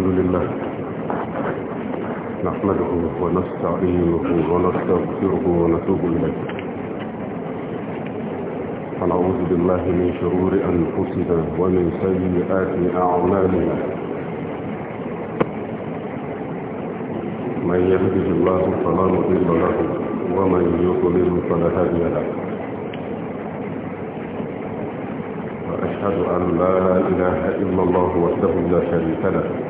الحمد لله نحمده ونستعينه ونستغفره ونتوب إليه ونعوذ بالله من شرور أنفسنا ومن سيئات أعمالنا من يهده الله فلا مضل له ومن يضلل فلا هادي له وأشهد أن لا إله إلا الله وحده لا شريك له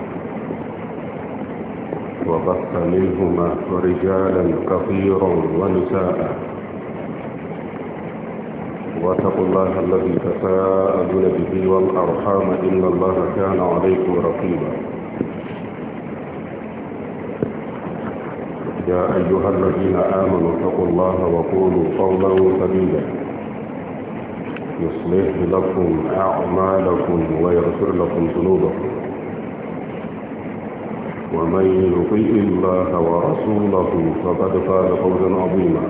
وبث منهما رجالا كثيرا ونساء واتقوا الله الذي تساءلون به والأرحام إن الله كان عليكم رقيبا يا أيها الذين آمنوا اتقوا الله وقولوا قولا سديدا يصلح لكم أعمالكم ويغفر لكم ذنوبكم ومن يطيء الله ورسوله فقد فاز فوزا عظيما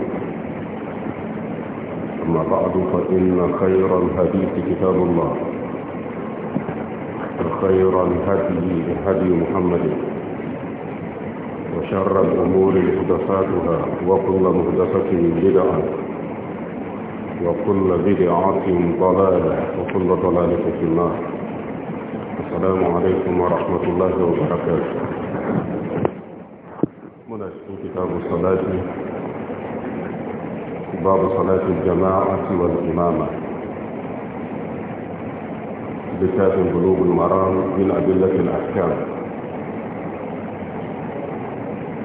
أما بعد فإن خير الحديث كتاب الله وخير الهدي هدي محمد وشر الأمور محدثاتها وكل محدثة بدعة وكل بدعة ضلالة وكل ضلالة في النار السلام عليكم ورحمة الله وبركاته من كتاب الصلاة باب صلاة الجماعة والإمامة بكات قلوب المرام من أدلة الأحكام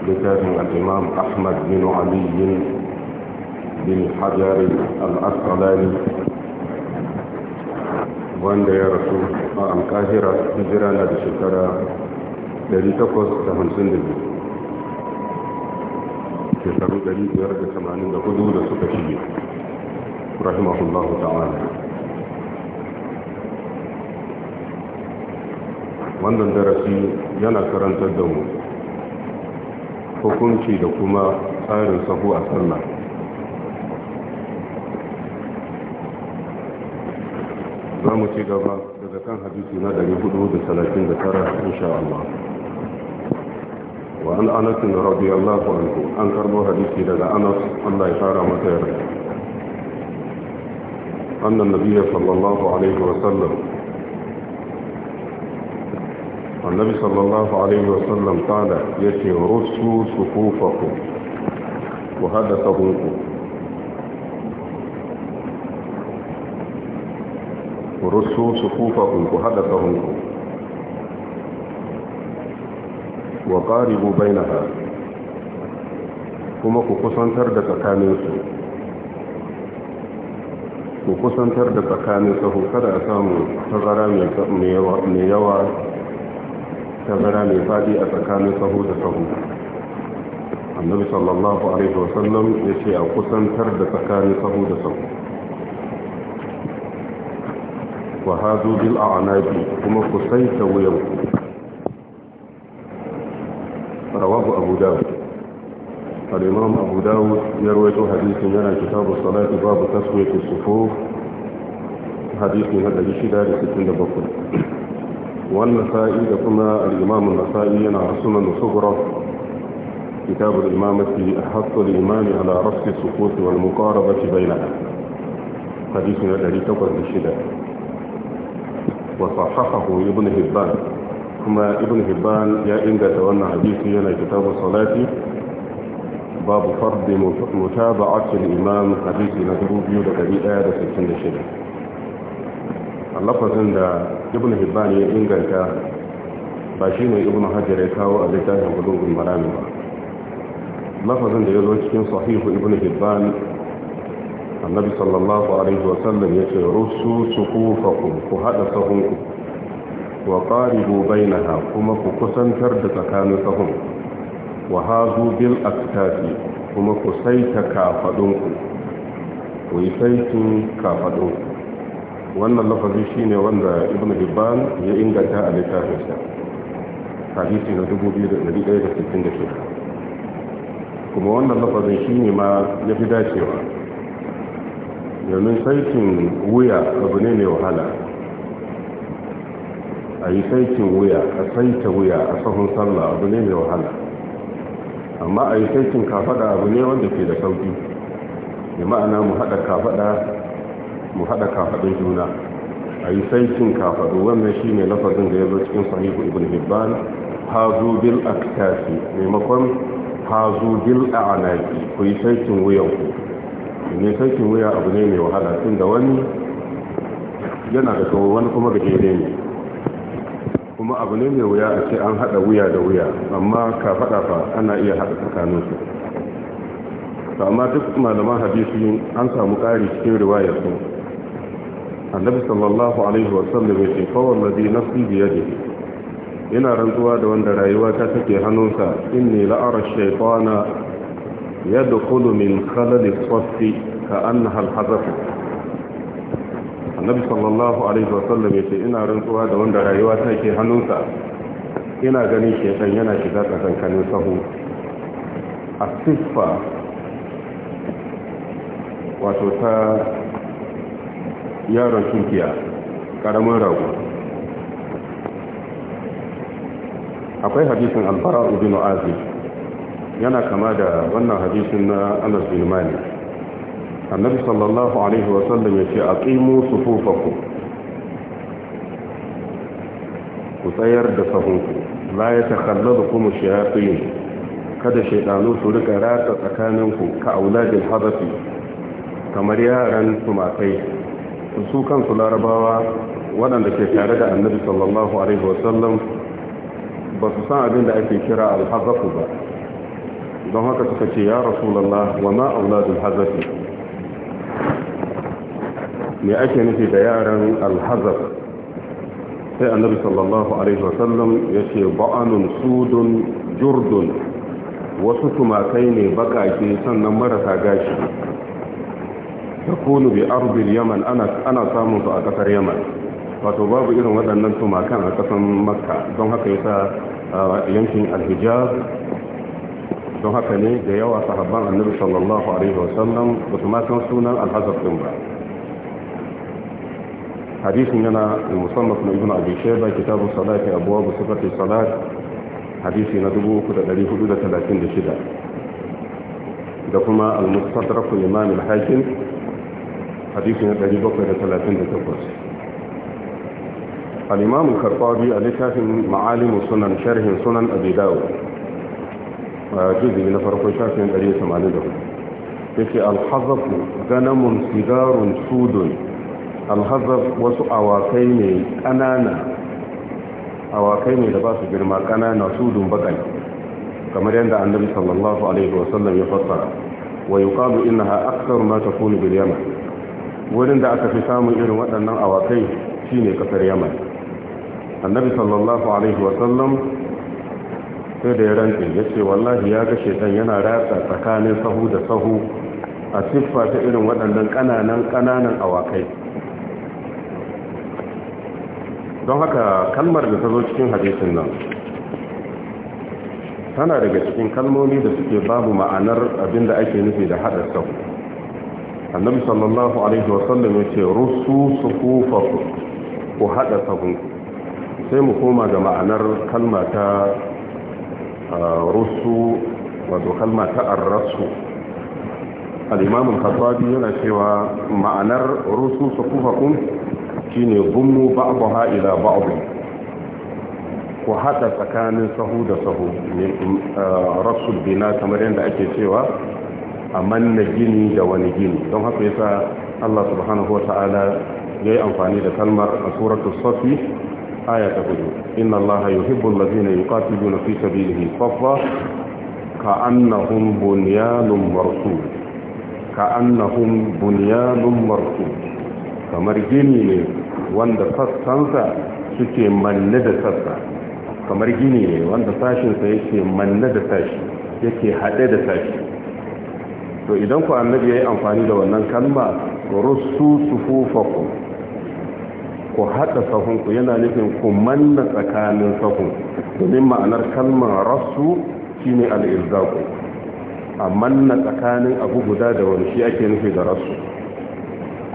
بكات الإمام أحمد بن علي بن حجر الأسقلاني وأن يا رسول الله أن كاهرة هجرانا بشكرا لذي تقص تهنسن shekaru 584 da suka shige rahimahullahu ta'ala wannan darasi yana karantar da mu hukunci da kuma tsarin sahu a sallah za mu ci gaba daga kan hadisi na 439 insha Allah وعن أنس رضي الله عنه أنكر له حديثي لدى أنس الله يشعر متير أن النبي صلى الله عليه وسلم النبي صلى الله عليه وسلم قال يتي رسوا صفوفكم وهذا صفوفكم رسوا صفوفكم وهذا صفوفكم wa qaribu bainaha kuma ku kusantar da tsakaninsu ku kusantar da tsakanin sahu kada a samu tazara mai yawa tazara mai faɗi a tsakanin sahu da sahu annabi sallallahu alaihi wasallam ya ce a kusantar da tsakanin sahu da sahu wa hazu bil a'nabi kuma ku saita wuyanku أبو داود الإمام أبو داود يروي حديث من كتاب الصلاة باب تسوية الصفوف حديث من هذا داري ستين بقل والنسائي لكما الإمام النسائي ينعى سنن صغرى كتاب الإمامة أحط الإمام على رفع الصفوف والمقاربة بينها حديث من هذا داري وصححه ابن هبان kuma ibn hibban ya inganta wannan hadisi yana kitabu salati babu fardi mutaba'atul imam hadisi na 2166 a lafazin da ibn hibban ya inganta ba shi ne ibn hajjar ya kawo a littafin gudun marami ba lafazin da ya zo cikin sahihu ibn hibban annabi sallallahu alaihi wasallam ya ce rusu sukufakum ku haɗa sahunku wa qaribu bainaha kuma ku kusantar da tsakanin sahun wa hazu bil aktafi kuma ku saita kafadunku ku yi saitin kafadunku wannan lafazi shine wanda Ibn hibban ya inganta a littafinsa hadisi na 2166 kuma wannan lafazin shi ne ma ya fi dacewa domin saitin wuya abu ne mai wahala a yi saikin wuya a saita wuya a sahun sallah abu ne mai wahala amma a yi saikin kafada abu ne wanda ke da sauki da ma'ana mu haɗa kafada mu haɗa kafadun juna a yi saikin kafadu wannan shi ne lafazin da ya zo cikin sahihu ibn hibban hazu bil aktasi maimakon hazu bil a'naki ku yi saikin wuyanku ne saikin wuya abu ne mai wahala tun da wani yana da kawo wani kuma da ke ne kuma abu ne mai wuya a ce an haɗa wuya da wuya amma ka faɗa fa ana iya haɗa tsakaninsu amma duk malaman hadisi an samu ƙari cikin riwaya su annabi sallallahu alaihi wasallam ya ce kawai ladi nafsi biyadi ina rantsuwa da wanda rayuwa ta take hannunsa inni la'ara shaytana yadkhulu min khalali saffi ka annaha al annabi sallallahu alaihi wasallam ya ce ina rantsuwa da wanda rayuwa ta ke hannunsa ina ganin shekan yana shiga tsakankanin sahu a siffa wato ta yaron tunkiya karamin rago akwai hadisin albara ibn azib yana kama da wannan hadisin na anas bin malik annabi sallallahu alaihi wasallam ya ce a tsimu sufufaku ku tsayar da sahunku la ya takallada kuma shayatin kada shaidanu su rika ratsa tsakaninku ka auladin hadafi kamar yaran tumakai su kansu larabawa waɗanda ke tare da annabi sallallahu alaihi wasallam ba su san abin da ake kira alhazafu ba don haka suka ce ya rasulallah wa ma auladul hazafi me ake nufi da yaran alhazar sai annabi sallallahu alaihi wasallam ya ce ba'anun sudun jurdun wasu tumakai ne bakake sannan marasa gashi ta kunu bi arbil yaman ana samun su a kasar yaman wato babu irin waɗannan tumakan a ƙasar makka don haka yasa yankin alhijaz don haka ne da yawa sahabban annabi sallallahu alaihi wasallam ba su ma san sunan alhazar ɗin ba حديث لنا المصنف من ابن ابي شيبه كتاب الصلاه ابواب صفه الصلاه حديث ندبو كتب تاريخ حدود 36 ده كما المستدرك امام الحاكم حديث ندبو كتب 38 الامام الخطابي الكتاب معالم سنن شرح سنن ابي داود جزء من فرق الشافعي 180 يقول الحظف غنم صغار سود alhazab wasu awakai ne ƙanana awakai ne da ba su girma ƙanana su dumbakai kamar yadda annabi sallallahu alaihi wasallam ya fassara wa yuqalu innaha aktsaru ma takunu bil yaman wurin da aka fi samun irin waɗannan awakai shine kasar yaman annabi sallallahu alaihi wasallam sai da ya rantse ya ce wallahi ya ga shekan yana ratsa tsakanin sahu da sahu a siffa ta irin waɗannan ƙananan ƙananan awakai don haka kalmar da ta zo cikin hadisin nan tana daga cikin kalmomi da suke babu ma'anar abin da ake nufi da haɗa sau annabi sallallahu alaihi wasallam ya ce rusu su su ku haɗa sahun sai mu koma ga ma'anar kalma ta rusu wato kalma ta arrasu al'imamun kasuwabi yana cewa ma'anar rusu su kufa shine bumu ba'daha ila ku haɗa tsakanin sahu da sahu rasul bina kamar yadda ake cewa a manna gini da wani gini don haka yasa Allah subhanahu wa ta'ala yayi amfani da kalmar a suratul safi aya ta hudu inna allaha yuhibbul ladina yuqatiluna fi sabilihi saffa ka'annahum bunyanun Ka ka'annahum bunyanun marsul kamar gini ne wanda sassansa suke manne da sassa kamar gini ne wanda sashinsa yake manne da sashi yake haɗe da sashi to idan ku annabi ya yi amfani da wannan kalma rusu sufufaku ku haɗa sahunku yana nufin ku manna tsakanin sahun domin ma'anar kalmar rasu shine al'irzaku a manna tsakanin abu guda da wani shi ake nufi da rasu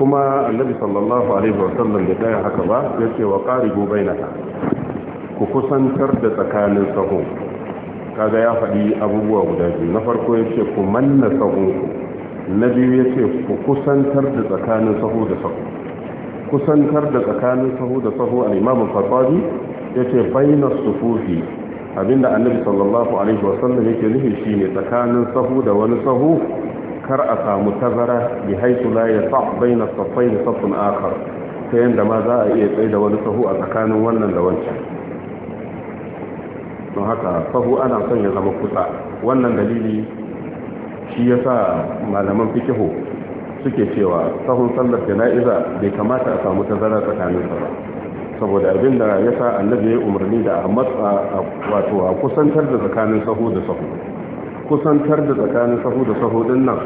kuma annabi sallallahu alaihi wasallam da daya haka ba yace wa qaribu bainaka ku kusantar da tsakanin sahu kaga ya faɗi abubuwa guda biyu na farko yace ku manna sahunku na biyu yace ku kusantar da tsakanin sahu da sahu kusantar da tsakanin sahu da sahu al-imam al-fatabi yace baina sufufi abinda annabi sallallahu alaihi wasallam yake nufi shine tsakanin sahu da wani sahu kar a samu tazara bi haitu la ya sa baina safain safun akhar ta yanda ma za a iya tsai da wani sahu a tsakanin wannan da wancan don haka sahu ana son ya zama kusa wannan dalili shi yasa malaman fikihu suke cewa sahun sallar jana'iza bai kamata a samu tazara tsakanin ba saboda abin da ya sa annabi ya umarni da a matsa wato a kusantar da tsakanin sahu da sahu kusantar da tsakanin sahu da sahu nan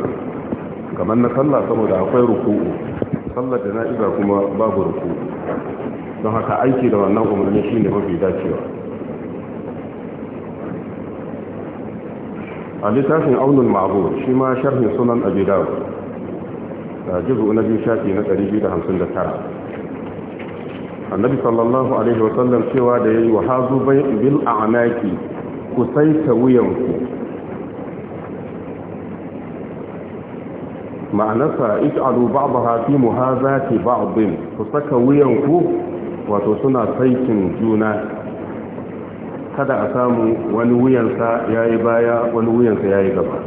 kamar na sallah saboda akwai ruku'u sallar da na'iza kuma babu ruku'u don haka aiki da wannan umarni shine mafi dacewa a littafin aunin ma'abu shi ma sharhin sunan abi dawud da jizu na biyu shafi na 259 annabi sallallahu alaihi wasallam cewa da ya yi wa hazu bil a'naki ku saita wuyanku ma'anarsa ij'alu ba'daha fi muhazati ba'din ku saka wuyanku wato suna saikin juna kada a samu wani wuyansa yayi baya wani wuyansa yayi gaba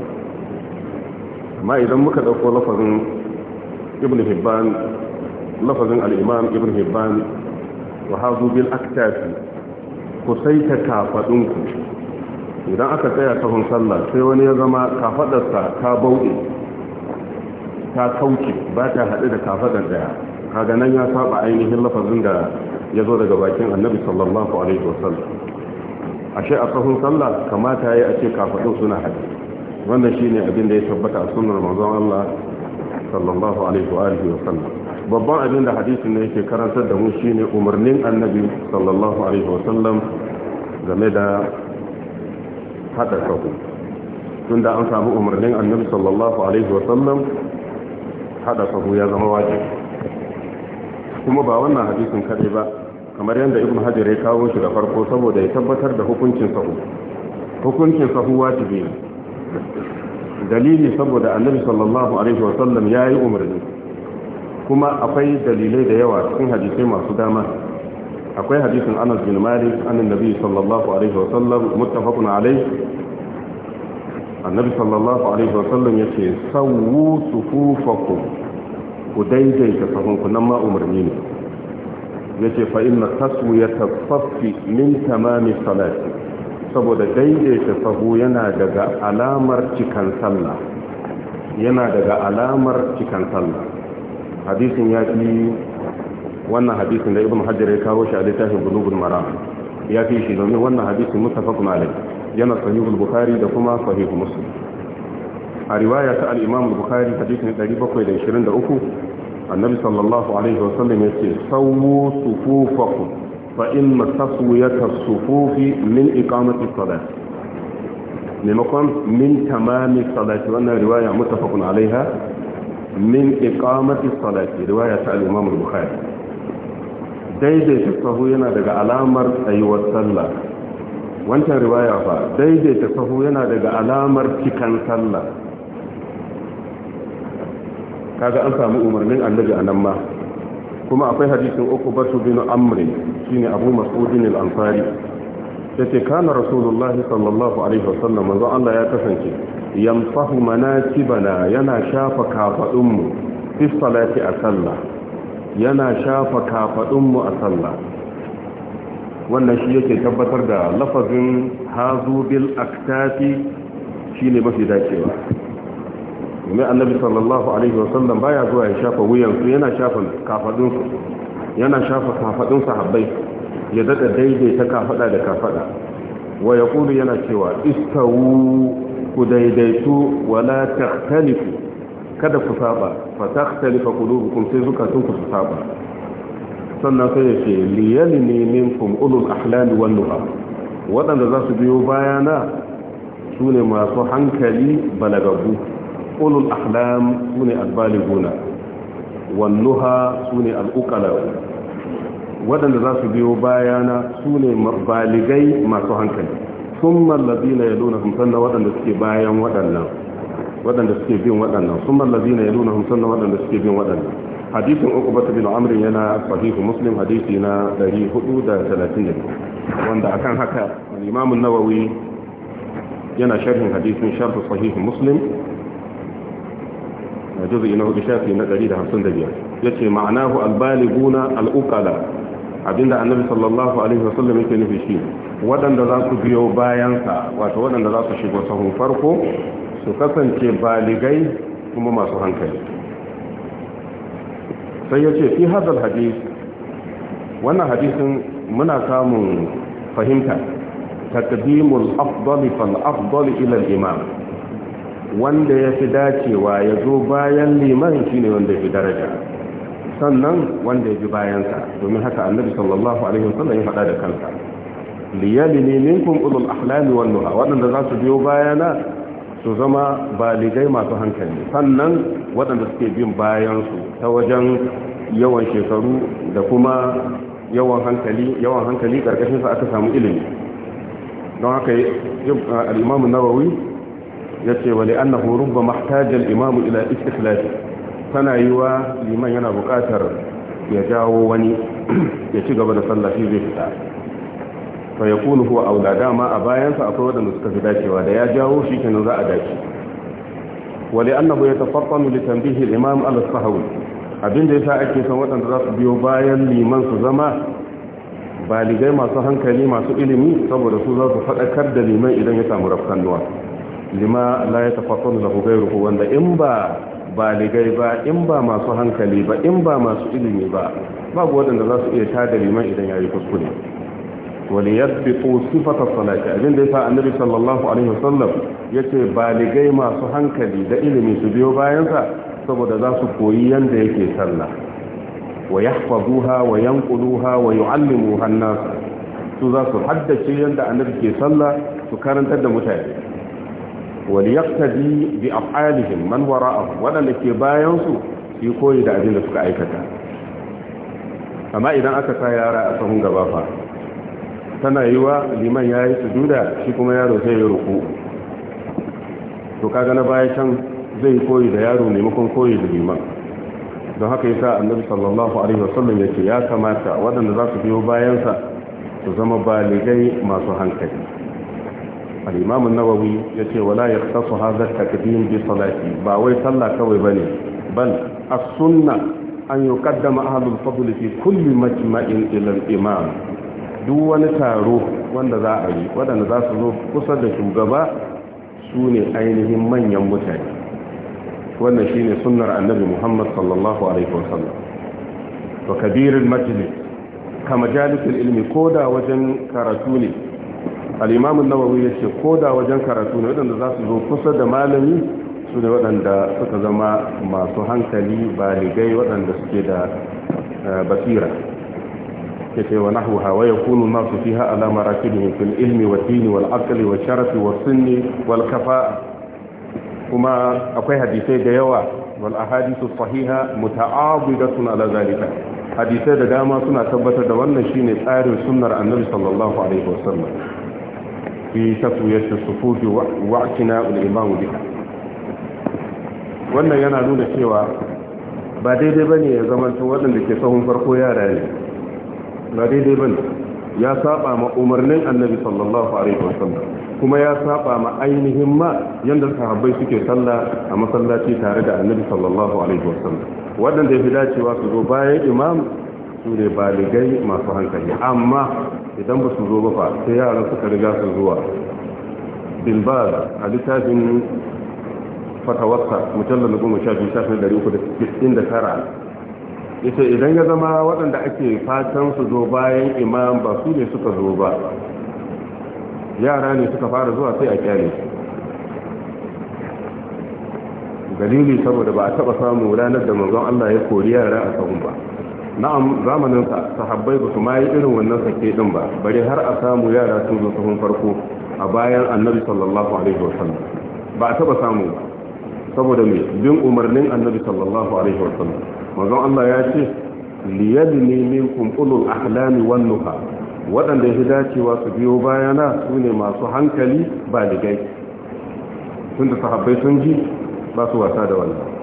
amma idan muka ɗauko lafazin ibn hibban lafazin al ibn hibban wa hazu bil aktafi ku saita kafadunku idan aka tsaya sahun sallah sai wani ya zama kafaɗarsa ta bauɗe ta kauce ba ta haɗu da kafadar daya kaga nan ya saba ainihin lafazin da ya zo daga bakin annabi sallallahu alaihi wasallam ashe a tsohon sallah kamata ya a ce kafadun suna haɗu wannan shine abin da ya tabbata a sunnar manzon Allah sallallahu alaihi wa alihi wasallam babban abin da hadisin ne yake karantar da mu shine umarnin annabi sallallahu alaihi wasallam game da hada sahu tunda an samu umarnin annabi sallallahu alaihi wasallam hada sahu ya zama wajibi kuma ba wannan hadisin kadai ba kamar yadda ibn hajar ya kawo shi da farko saboda ya tabbatar da hukuncin sahu hukuncin sahu wajibi ne dalili saboda annabi sallallahu alaihi wa sallam ya yi umarni kuma akwai dalilai da yawa cikin hadisai masu dama akwai hadisin anas bin malik annan nabi sallallahu alaihi wa sallam muttafaqun alaihi annabi sallallahu alaihi wa sallam yace sawu sufufakum ku daidaita sahunku nan ma umarni ne ya ce fa inna taswiyata saffi min tamami salati saboda daidaita sahu yana daga alamar cikan sallah yana daga alamar cikan sallah hadisin ya fi wannan hadisin da ibn hajjar ya kawo shi a littafin bulugul Mara ya fi shi domin wannan hadisin mutafakun alai yana sahihul bukhari da kuma sahihul muslim a riwaya ta al-imam al-bukhari hadisin 723 annabi sallallahu alaihi wasallam ya ce sawu sufufaku fa in mataswiyata sufufi min iqamati salat maimakon min tamami salati wannan riwaya mutafakun alaiha min iqamati salati riwaya ta al'umma imam al-bukhari daidaita sahu yana daga alamar tsayuwar sallah wancan riwaya ba daidaita sahu yana daga alamar cikan sallah kaga an samu umarnin annabi a nan ma kuma akwai hadisin uku batu bin amri shine abu mas'udin al-ansari yace kana rasulullah sallallahu alaihi wasallam manzo Allah ya kasance yamsahu manakibana yana shafa kafadun mu fi salati a sallah yana shafa kafadun mu a sallah wannan shi yake tabbatar da lafazin hazu bil aktafi shine mafi dacewa domin annabi sallallahu alaihi wasallam baya zuwa ya shafa wuyansu yana shafa kafadunsu yana shafa ya daɗa daidaita kafada da kafada wa ya yana cewa istawu ku daidaitu wala takhtalifu kada ku saba fa takhtalifa qulubukum sai zukatun ku saba sannan sai ya ce liyalini minkum ulul ahlami wan nuha waɗanda za su biyo bayana su ne masu hankali balagaggu ulul ahlam sune albaliguna wannuha sune al'uqala waɗanda za su biyo bayana sune baligai masu hankali summa allazina yalunahum sannan waɗanda suke bayan waɗannan waɗanda suke bin waɗannan Sun summa allazina yalunahum sannan waɗanda suke bin waɗannan hadisin uqbah bin amrin yana sahih muslim hadisi na 432 wanda akan haka al-imam nawawi yana sharhin hadisin sharh sahih muslim a juzu ina hudu shafi na 155 ya ce ma'anahu al'ukala abinda annabi sallallahu alaihi wasallam yake nufi shi waɗanda za su biyo bayansa wato waɗanda za su shigo sahun farko su kasance baligai kuma masu hankali sai yace fi hadal hadis wannan hadisin muna samun fahimta takdimul afdali fal afdali ila al-imam wanda ya fi dacewa ya zo bayan liman ne wanda ya fi daraja sannan wanda ya fi bayansa domin haka annabi sallallahu alaihi wasallam ya faɗa da kansa liyali ne minkum ulul ahlami wan nuha waɗanda za su biyo bayana su zama baligai masu hankali sannan waɗanda suke bin bayansu ta wajen yawan shekaru da kuma yawan hankali yawan hankali karkashin sa aka samu ilimi don haka al-imam eh, nawawi ya ce annahu rubba ba al-imam ila istikhlal tana yiwa liman yana buƙatar ya jawo wani ya ci gaba da sallah zai fita fa yakunu huwa aula dama a bayansa akwai waɗanda suka fi dacewa da ya jawo shi kenan za a dace wali annahu yatafattanu li tanbihi al-imam ala sahwi abinda yasa ake son waɗanda za su biyo bayan liman su zama baligai masu hankali masu ilimi saboda su za su faɗakar da liman idan ya samu rafkannuwa lima la ya tafassalu lahu ghayruhu wanda in ba baligai ba in ba masu hankali ba in ba masu ilimi ba babu waɗanda za su iya tada liman idan yayi kuskure wani yadbitu sifata salati abin da sa annabi sallallahu alaihi wasallam yace baligai masu hankali da ilimi su biyo bayansa, saboda za su koyi yanda yake sallah wa yahfazuha wa yanquluha wa yu'allimuha an-nas su za su haddace yadda annabi ke sallah su karantar da mutane وليقتدي بأفعالهم waɗanda ke bayansu su yi koyi da abin da suka aikata amma idan aka sa yara a sahun gaba fa tana yi wa liman ya yi sujuda shi kuma yaro sai ya ruku to kaga na baya can zai koyi da yaro maimakon koyi da liman don haka yasa annabi sallallahu alaihi wasallam yake ya kamata waɗanda za su biyo bayansa su zama baligai masu hankali al-imam an-nawawi yace wala yaqtasu hadha at bi salati ba wai sallah kawai ba ne bal a suna an yuqaddama ahlul fadl fi kulli majma'in ila imam duk wani taro wanda za a yi wadanda za su zo kusa da shugaba su ne ainihin manyan mutane wannan ne sunnar annabi Muhammad sallallahu alaihi wasallam to kabirin majlis ka majalisul ilmi da wajen karatu ne al'imamun nawawi ya ce ko da wajen karatu ne waɗanda za su zo kusa da malami su ne waɗanda suka zama masu hankali baligai waɗanda suke da eh, basira ke ce wa nahu hawa ya kunu nasu fi ha alama ne fil ilmi wa dini wal akali wa sharafi wa sunni wal kafa kuma akwai hadisai da yawa wal ahadisu sahiha muta'abidatun ala zalika hadisai da dama suna tabbatar da wannan shine tsarin sunnar annabi sallallahu alaihi wasallam fi taswiyar sufufi wa'kina al-imamu biha wannan yana nuna cewa ba daidai bane ya zamanta waɗanda ke sahun farko yara ne ba daidai bane ya saba ma umarnin annabi sallallahu alaihi wasallam kuma ya saɓa ma ainihin ma yanda sahabbai suke sallah a masallaci tare da annabi sallallahu alaihi wasallam waɗanda ya fi dacewa su zo bayan imam su ne baligai masu hankali amma idan ba su zo ba sai yaran suka riga su zuwa Bilbar, a littafin fatawarsa mutallar na goma sha biyu shafin dari uku da cikin da tara ita idan ya zama waɗanda ake fatan su zo bayan imam ba su ne suka zo ba yara ne suka fara zuwa sai a kyale dalili saboda ba a taɓa samu ranar da manzon Allah ya kori yara a sahun ba na'am zamanin sahabbai ba su ma yi irin wannan sake din ba bari har a samu yara sun zo sahun farko a bayan annabi sallallahu alaihi wasallam ba a taba samu ba saboda me bin umarnin annabi sallallahu alaihi wasallam manzon Allah ya ce liyadni minkum ulul ahlami wan nuha waɗanda ya dacewa su biyo bayana su ne masu hankali ba ligai tunda sahabbai sun ji ba su wasa da wannan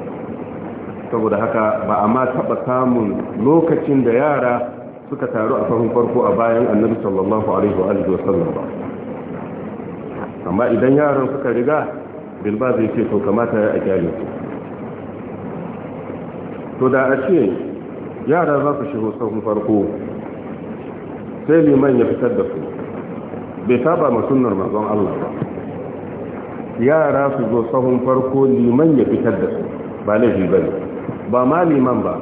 saboda haka ba a ma taɓa samun lokacin da yara suka taru a sahun farko a bayan annabi sallallahu alaihi wa alihi wasallam ba amma idan yaran suka riga bilba zai ce to kamata ya kyale su to da a ce yara za su shigo sahun farko sai liman ya fitar da su bai saba ma sunnar manzon Allah ba yara su zo sahun farko liman ya fitar da su ba laifi ne. ba ma liman ba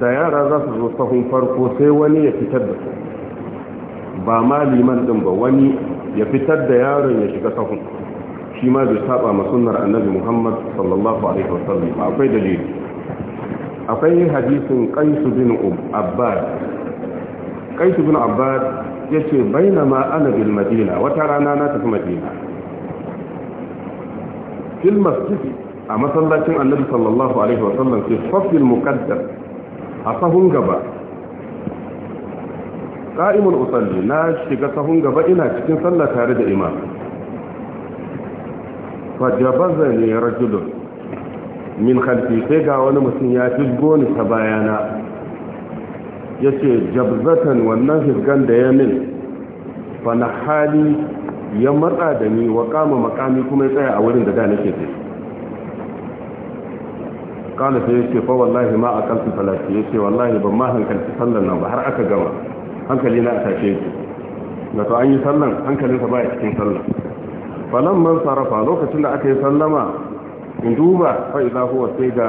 da yara za su zo sahun farko sai wani ya fitar da su ba ma liman din ba wani ya fitar da yaron ya shiga sahun shi ma zai saba ma sunnar annabi muhammad sallallahu alaihi wasallam akwai dalili akwai hadisin qais bin abbad qais bin abbad yace bainama ana bil madina wata rana na tafi madina fil masjid a masallacin annabi sallallahu alaihi wasallam fi a sahun gaba qa'imun usalli na shiga sahun gaba ina cikin sallah tare da imam ne ya rajulun min khalfi sai ga wani mutum ya fi goni ta bayana yace jabzatan wannan fisgan da ya min fa hali ya matsa da ni wa kama makami kuma ya tsaya a wurin da da nake tsaye kala sai ya ce fa wallahi ma a kalfi falaki ya ce wallahi ban ma hankalci sallan nan ba har aka gama hankali na a tashe yake da to an yi sallan sa ba ya cikin sallan falon man sarrafa lokacin da aka yi sallama in duba fa iza huwa sai ga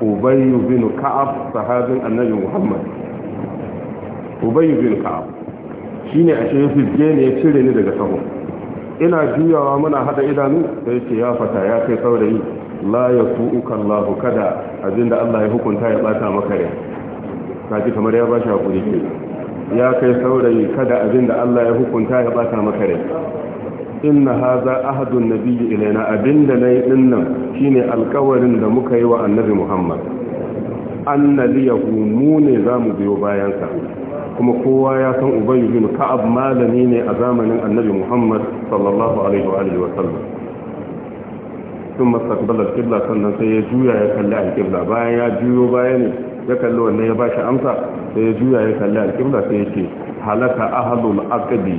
ubay bin ka'ab sahabin annabi muhammad ubay bin ka'ab shine a cikin fizge ne ya cire ni daga sahu ina juyawa muna hada idanu sai ce ya fata ya kai saurayi la ya su'uka Allah kada da Allah ya hukunta ya ɓata maka rai kamar ya shi hakuri ke ya kai saurayi kada abinda Allah ya hukunta ya bata maka rai inna hadha ahadun nabiyyi ilaina abinda nayi dinnan shine alƙawarin da muka yi wa annabi Muhammad anna liyahu mu ne zamu biyo bayansa. kuma kowa ya san ubayyu ka'ab malami ne a zamanin annabi Muhammad sallallahu alaihi wa sallam sun masa al-qibla sannan sai ya juya ya kalli al bayan ya juyo baya ne ya kalli wannan ya bashi amsa sai ya juya ya kalli alkibla sai ya ce halaka ahlul aqdi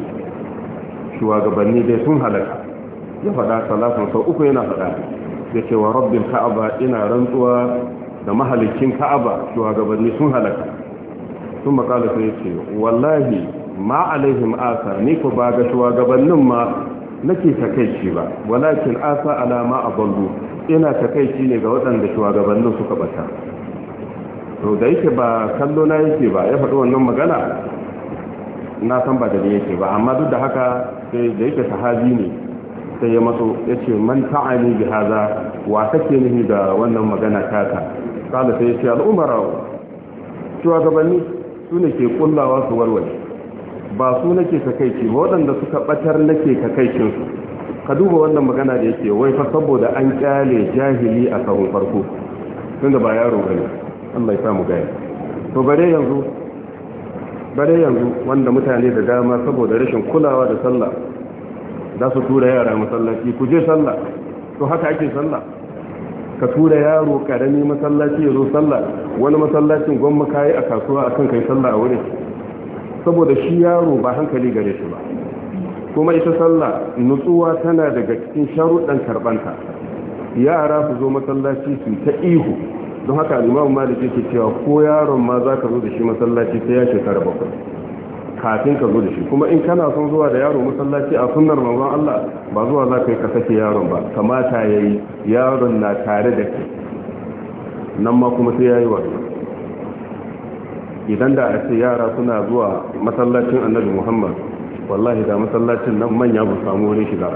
shugabanni dai sun halaka ya faɗa salatun sau uku yana faɗa ya ce wa rabbin ka'aba ina rantsuwa da mahalicin ka'aba shugabanni sun halaka sun makala sai ya ce wallahi ma alaihim asa ni ku ba ga shugabannin ma nake takaici ba walakin asa alama a ballo ina takaici ne ga waɗanda shugabannin suka bata to da yake ba kallo na yake ba ya faɗi wannan magana na san ba da yake ba amma duk da haka sai da yake sahabi ne sai ya maso ya ce man ta'ani bi haza wa kake nihi da wannan magana taka kala sai ya ce al'umara shugabanni su ne ke kullawa su warware ba su nake takaici ba waɗanda suka ɓatar nake takaicinsu ka duba wannan magana da yake wai fa saboda an kyale jahili a sahun farko tunda ba yaro bane Allah ya mu gaya to bare yanzu bare yanzu wanda mutane da dama saboda rashin kulawa da sallah za su tura yara masallaci ku je sallah to haka ake sallah ka tura yaro karami masallaci ya zo sallah wani masallacin gwamma kayi a kasuwa akan kai sallah a wurin saboda shi yaro ba hankali gare shi ba kuma ita sallah nutsuwa tana daga cikin sharuɗan karɓanta yara su zo masallaci su ta ihu don haka imam maliki ke cewa ko yaron ma za ka zo da shi masallaci ta ya shekara bakwai kafin ka zo da shi kuma in kana son zuwa da yaro masallaci a sunnar manzon Allah ba zuwa za ka yi ka sake yaron ba kamata yayi yaron na tare da kai nan ma kuma sai yayi wasu idan da a ce yara suna zuwa masallacin annabi muhammad wallahi da masallacin nan manya ba samu wurin shiga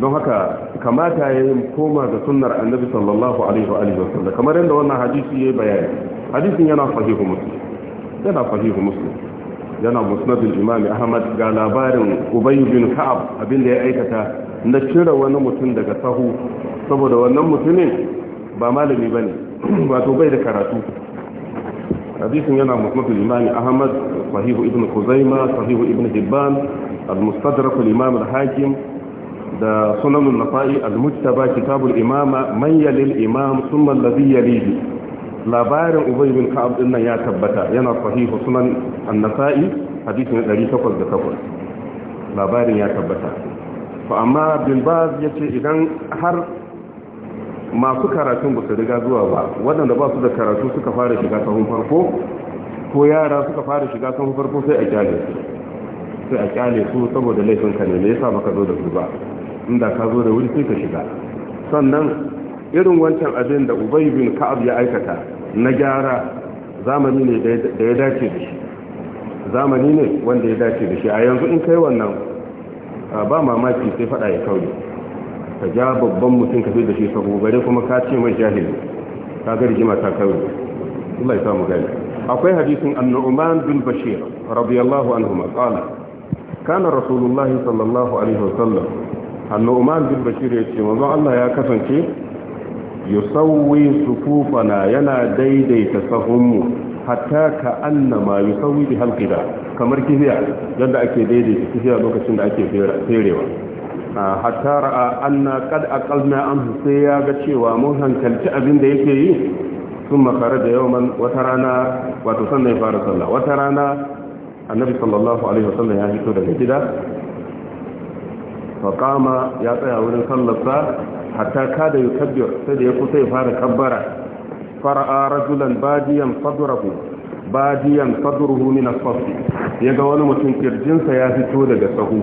don haka kamata ya yi koma ga sunnar annabi sallallahu alaihi wa sallam kamar yadda wannan hadisi ya yi bayani hadisin yana sahihu muslim yana sahihu muslim yana imam ahmad ga labarin ubay bin ka'ab abinda ya aikata na cire wani mutum daga sahu saboda wannan mutumin ba malami bane wato bai da karatu hadisin yana musnadul imam ahmad sahih ibn kuzaima sahih ibn hibban al-mustadrak al-imam al-hakim da sunan an-nasa'i al-mujtaba kitab al-imama man yalil imam thumma alladhi yalihi labarin ubay bin ka'ab din ya tabbata yana sahih sunan an-nasa'i hadisin 808 labarin ya tabbata fa amma bin baz yace idan har masu karatu ba su riga zuwa ba waɗanda ba su da karatu suka fara shiga sahun farko ko yara suka fara shiga sahun farko sai a kyale su sai a kyale su saboda laifin ka ne me yasa baka zo da su ba inda ka zo da wuri sai ka shiga sannan irin wancan abin da ubay bin ka'ab ya aikata na gyara zamani ne da ya dace da shi zamani ne wanda ya dace da shi a yanzu in kai wannan ba mamaki sai faɗa ya kauye ka ja babban mutum ka fi da shi sabo bare kuma ka ce mai jahili ka ga rigima ta kawai Allah ya samu gani akwai hadisin annu'man bin bashir radiyallahu anhu ma qala kana rasulullahi sallallahu alaihi wasallam annu'man bin bashir yace manzo Allah ya kasance yusawwi sufufana yana daidaita sahunmu hatta ka annama yusawwi bi halqida kamar kifiya yadda ake daidaita kifiya lokacin da ake ferewa hatta ra'a anna qad aqalna anhu sai ya ga cewa mun hankalci abin da yake yi sun makara da yawan wata rana wato sannan ya fara sallah wata rana annabi sallallahu alaihi wasallam ya fito daga gida kama ya tsaya wurin sallarsa hatta kada ya kabbir sai da ya kusa ya fara kabbara fara'a rajulan badiyan fadurahu badiyan faduruhu min asfafi ya ga wani mutum kirjinsa ya fito daga sahu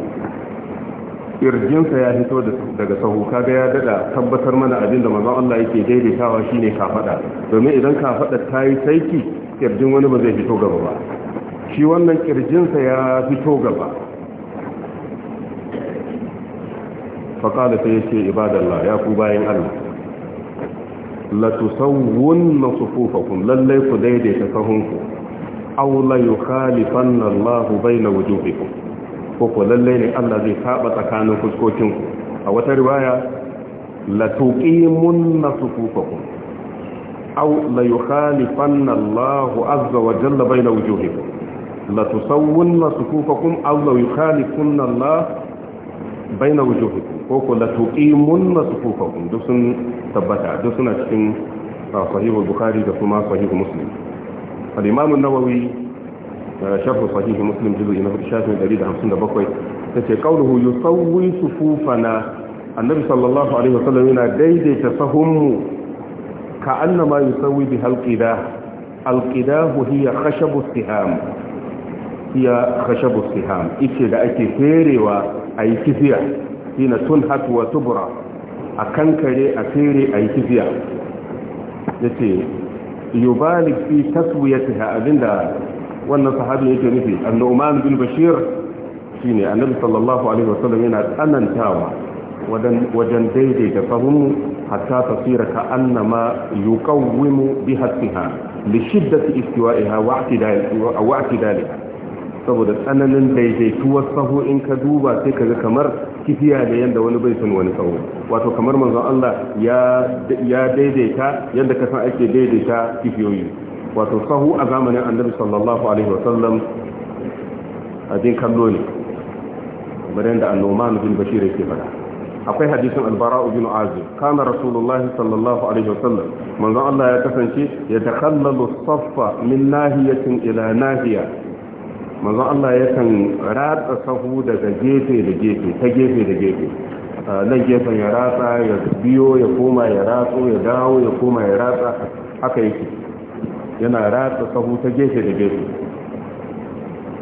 irjinsa ya fito daga sahu kaga ya dada tabbatar mana abin da manzon Allah yake daidaitawa shine kafada domin idan kafada ta yi saiki kirjin wani ba zai fito gaba ba shi wannan kirjinsa ya fito gaba faƙada sai ya ibadallah ya ku bayan Allah latusawwun na lallai ku daidaita sahunku aw la yukhalifanna Allahu bayna wujuhikum ko ko lalle ne Allah zai saba tsakanin fuskokinku. a wata riwaya la tuqimunna sufufakum aw la yukhalifanna Allah azza wa jalla bayna wujuhikum la tusawwunna sufufakum aw la yukhalifunna Allah bayna wujuhikum ko ko la tuqimunna sufufakum duk sun tabbata duk suna cikin ah, sahihul bukhari da kuma sahihul muslim al-imam an-nawawi sharh sahih muslim juz'i na 57 tace qawluhu yusawwi sufufana annabi sallallahu alaihi wasallam yana daidaita sahummu ka annama yusawwi bi halqida alqidahu hiya khashabu siham hiya khashabu siham ite da ake ferewa ayi tun hina tunhat wa tubra akan kare a fere ayi kifiya yace yubalik fi taswiyatiha abinda wannan sahabi yake nufi annu'man bin bashir shine annabi sallallahu alaihi wasallam yana tsanantawa wajen daidaita sahun hatta tasira ka annama yuqawwimu bi hasiha da shiddati istiwa'iha wa a wa i'tidaliha saboda tsananin daidaituwar sahu in ka duba sai kaga kamar kifiya ne yadda wani bai san wani tsawo wato kamar manzon Allah ya daidaita yadda ka san ake daidaita kifiyoyi wato sahu a zamanin annabi sallallahu alaihi wasallam abin kallo ne kamar da annoman bin bashir yake fada akwai hadisin albara bin azib kana rasulullahi sallallahu alaihi wasallam manzon Allah ya kasance ya takallalu saffa min nahiyatin ila nahiya manzon Allah yakan ratsa sahu daga gefe da gefe ta gefe da gefe nan gefen ya ratsa ya biyo ya koma ya ratso ya dawo ya koma ya ratsa haka yake yana ratsa sahu ta gefe da gefe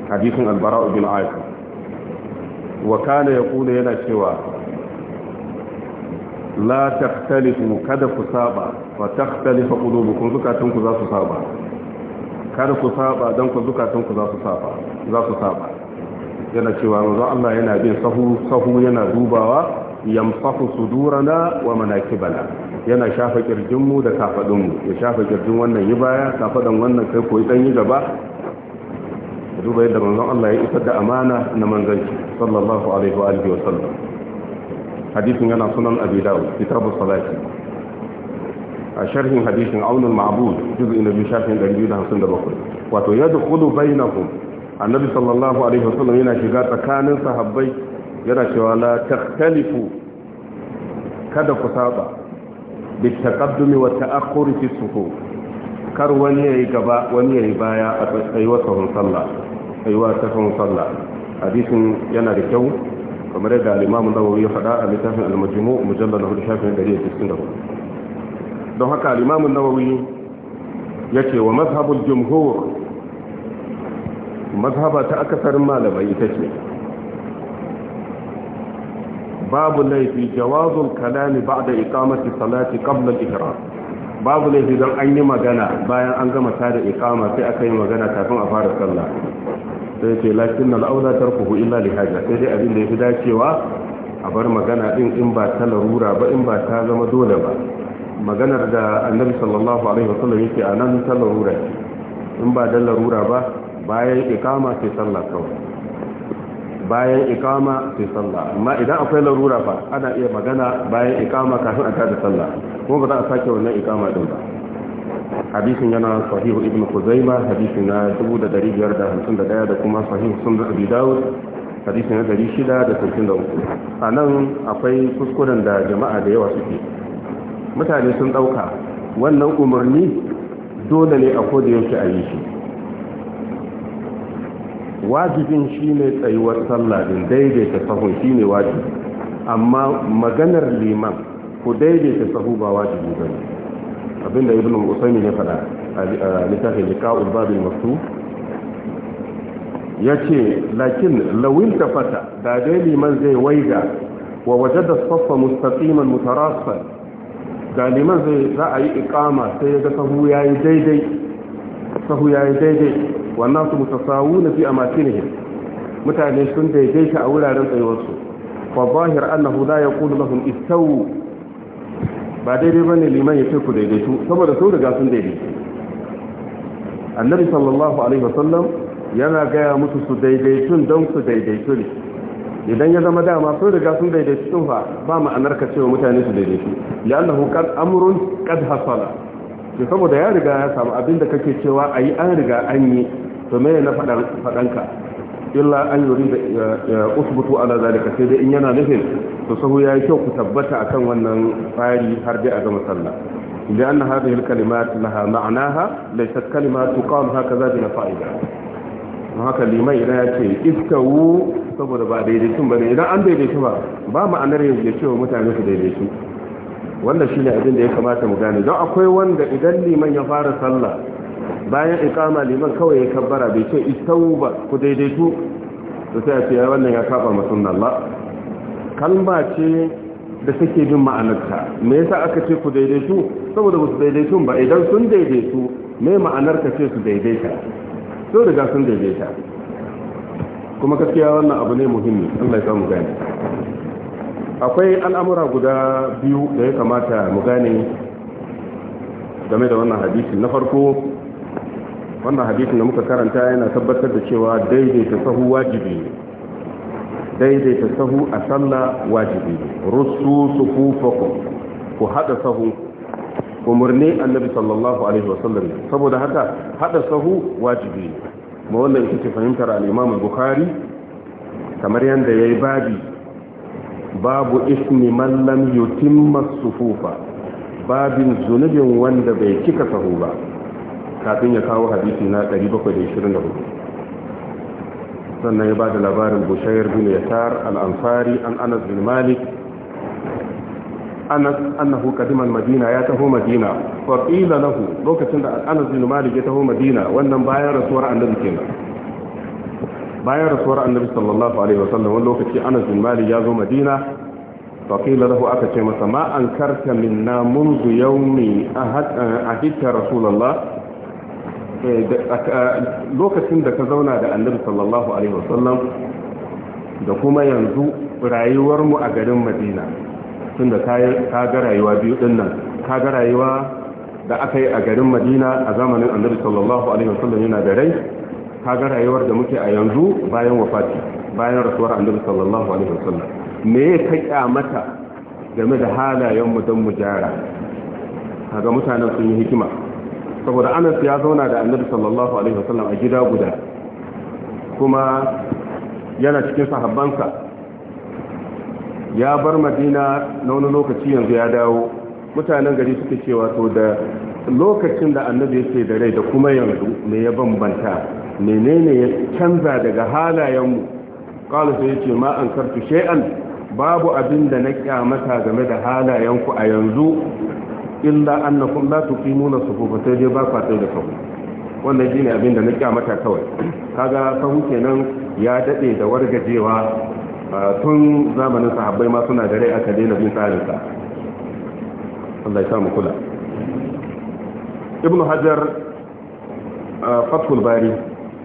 hadisin albara'u bin aiki wa ya yaqulu yana cewa la takhtalifu kada ku saba wa takhtalifu qulubukum zukatun ku za su saba kada ku saba dan ku zukatun ku za su saba yana cewa manzo Allah yana bin sahu sahu yana dubawa yamsahu sudurana wa manakibana yana shafa kirjin mu da kafadun mu ya shafa kirjin wannan yi baya kafadan wannan kai koyi dan yi gaba duba yadda manzon Allah ya isar da amana na manzanci sallallahu alaihi wa alihi wa sallam hadisin yana sunan abi dawud kitabu salati a sharhin hadisin aunul ma'bud juz'i na da 257 wato yadkhulu bainakum annabi sallallahu alaihi wa sallam yana shiga tsakanin sahabbai yana cewa la takhtalifu kada ku saba بالتقدم والتأخر في الصفوف kar wani yayi gaba wani yayi baya a tsayuwar sahun sallah tsayuwar sahun sallah hadisin yana da kyau kamar yadda al-Imam ya faɗa a littafin al-Majmu' mujallal 464 don haka al-Imam Nawawi yace wa mazhabul jumhur mazhaba ta akasarin malamai ita ce babu laifi jawazul kalami ba'da iqamati salati qabla al babu laifi don an yi magana bayan an gama tada iqama sai aka yi magana kafin a fara sallah sai ce lakin al-aula tarkuhu illa li haja sai dai abin da yafi dacewa a bar magana din in ba ta larura ba in ba ta zama dole ba maganar da annabi sallallahu alaihi wasallam yake anan ta larura in ba da larura ba bayan iqama sai sallah kawai bayan ikama sai sallah amma idan akwai larura fa ana iya magana bayan ikama kafin a tada sallah kuma ba za a sake wannan ikama din ba hadisin yana sahihu ibn kuzaima hadisin na 1551 da kuma sahihu sunan abi dawud hadisin na 663 a nan akwai kuskuren da jama'a da yawa suke mutane sun dauka wannan umarni dole ne a koda yake a yi shi wajibin shine tsayuwar sallah din daidaita sahu shine wajibi amma maganar liman ku daidaita sahu ba wajibi bane abinda ibnu usaymin ya fada a littafin liqa'ul babil maktub yace lakin lawin tafata da dai liman zai waiga wa wajada safa mustaqiman mutarassan da liman zai za a yi iqama sai ga sahu yayi daidai sahu yi daidai wannan su mutasawuna fi amakinihim mutane sun daidai daidaita a wuraren tsayuwarsu ba zahir annahu la kudu lahum istawu ba daidai ba ne liman ya ce ku daidaitu saboda su riga sun daidaitu annabi sallallahu alaihi wasallam yana gaya musu su sun don su su ne idan ya zama dama sun riga sun daidaitu su ba ma'anar ka cewa mutane su daidaitu ya annahu kad amrun kad hasala da saboda ya riga ya samu abinda kake cewa ayi an riga an yi to me na faɗanka illa an yuri da usbutu ala zalika sai dai in yana nufin to sahu yayi kyau ku tabbata akan wannan tsari har dai a gama sallah hadhihi هذه laha ma'naha laysa kalimat كلمات تقام هكذا بلا فائدة haka limai na ya ce saboda ba daidaitu ba ne idan an daidaitu ba ba ma'anar yanzu ya ce wa mutane su daidaitu wannan shine abin da ya kamata mu gane don akwai wanda idan liman ya fara sallah bayan ikama liman kawai ya kabbara bai ce istau ba ku daidaitu to sai a ce wannan ya saba ma Allah kalma ce da take bin ma'anarta me yasa aka ce ku daidaito saboda ba su daidaitun ba idan sun daidaitu me ma'anar ka ce su daidaita so daga sun daidaita kuma gaskiya wannan abu ne muhimmi Allah ya samu gani akwai al'amura guda biyu da ya kamata mu gane game da wannan hadisi na farko wannan hadisin da muka karanta yana tabbatar da cewa daidaita sahu wajibi daidaita sahu a sallah wajibi rusu sufufakum ku haɗa sahu umarni annabi sallallahu alaihi wasallam saboda haka haɗa sahu wajibi ma wannan ita ce fahimtar al Buhari al-Bukhari kamar yanda yayi babi babu ismi man lam yutimma sufufa babin zunubin wanda bai cika sahu ba kafin ya kawo hadisi na 724 sannan ya ba da labarin bushayar bin yatar al-ansari an anas bin malik anas annahu kadiman madina ya taho madina fa qila lahu lokacin da anas bin malik ya taho madina wannan bayan rasuwar annabi kenan bayan rasuwar annabi sallallahu alaihi wasallam wani lokaci ana zumali ya zo madina fa qila aka ce masa ma an karta minna منذ eh, a ahadta rasulallah lokacin da ka zauna da annabi sallallahu alaihi wasallam da kuma yanzu rayuwarmu a garin madina tun da ka ga rayuwa biyu din nan ka ga rayuwa da aka yi a garin madina a zamanin annabi sallallahu alaihi wasallam yana da rai kaga rayuwar da muke a yanzu bayan wafati bayan rasuwar annabi sallallahu alaihi wasallam me ya kaiya mata game da halayen mu don mu jara kaga mutanen sun yi hikima saboda Anas ya zauna da annabi sallallahu alaihi wasallam a gida guda kuma yana cikin sahabbansa ya bar madina na wani lokaci yanzu ya dawo mutanen gari suke cewa to da lokacin da annabi yake da rai da kuma yanzu me ya bambanta menene ya canza daga halayenmu qala sai yace ma an karfi shay'an babu abin da na kyamata game da halayenku a yanzu illa annakum la tuqimuna sufufa sai dai ba ku da sahu wannan shine abin da na kyamata kawai kaga sahu kenan ya daɗe da wargajewa tun zamanin sahabbai ma suna da rai aka daina bin tsarinsa Allah ya samu kula ibnu hajar fathul bari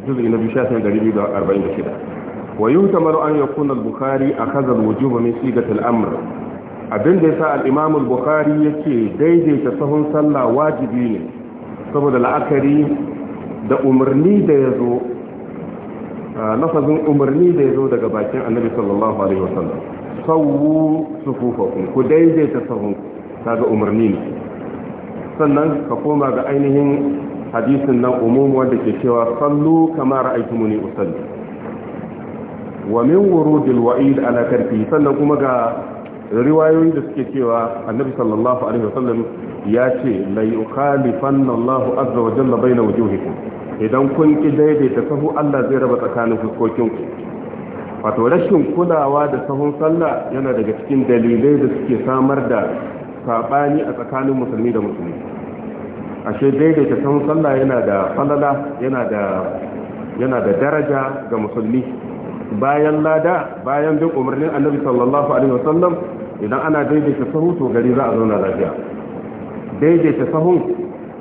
juz'i na biyu shafin 246 wa an yakuna al-bukhari akhadha al-wujuba min sigat al abin da yasa al-imam al-bukhari yake daidaita sahun sallah wajibi ne saboda la'akari da umarni da yazo lafazin umarni da yazo daga bakin annabi sallallahu alaihi wasallam sawu sufufakum ku daidaita sahun umarni ne sannan ka koma ga ainihin hadisin nan umumu wanda ke cewa sallu kama ra'aytumuni usalli wa min wurudil wa'id ala karfi sannan kuma ga riwayoyi da suke cewa annabi sallallahu alaihi wasallam ya ce la yukhalifanna Allahu azza wa jalla baina wujuhikum idan kun ki daidaita sahu Allah zai raba tsakanin fuskokinku wato rashin kulawa da sahun sallah yana daga cikin dalilai da suke samar da sabani a tsakanin musulmi da musulmi ashe daidaita sahun sallah yana da falala yana da daraja ga musulmi bayan lada bayan bin umarnin annabi sallallahu alaihi wasallam idan ana daidaita sahu to gari za a zauna lafiya daidaita sahun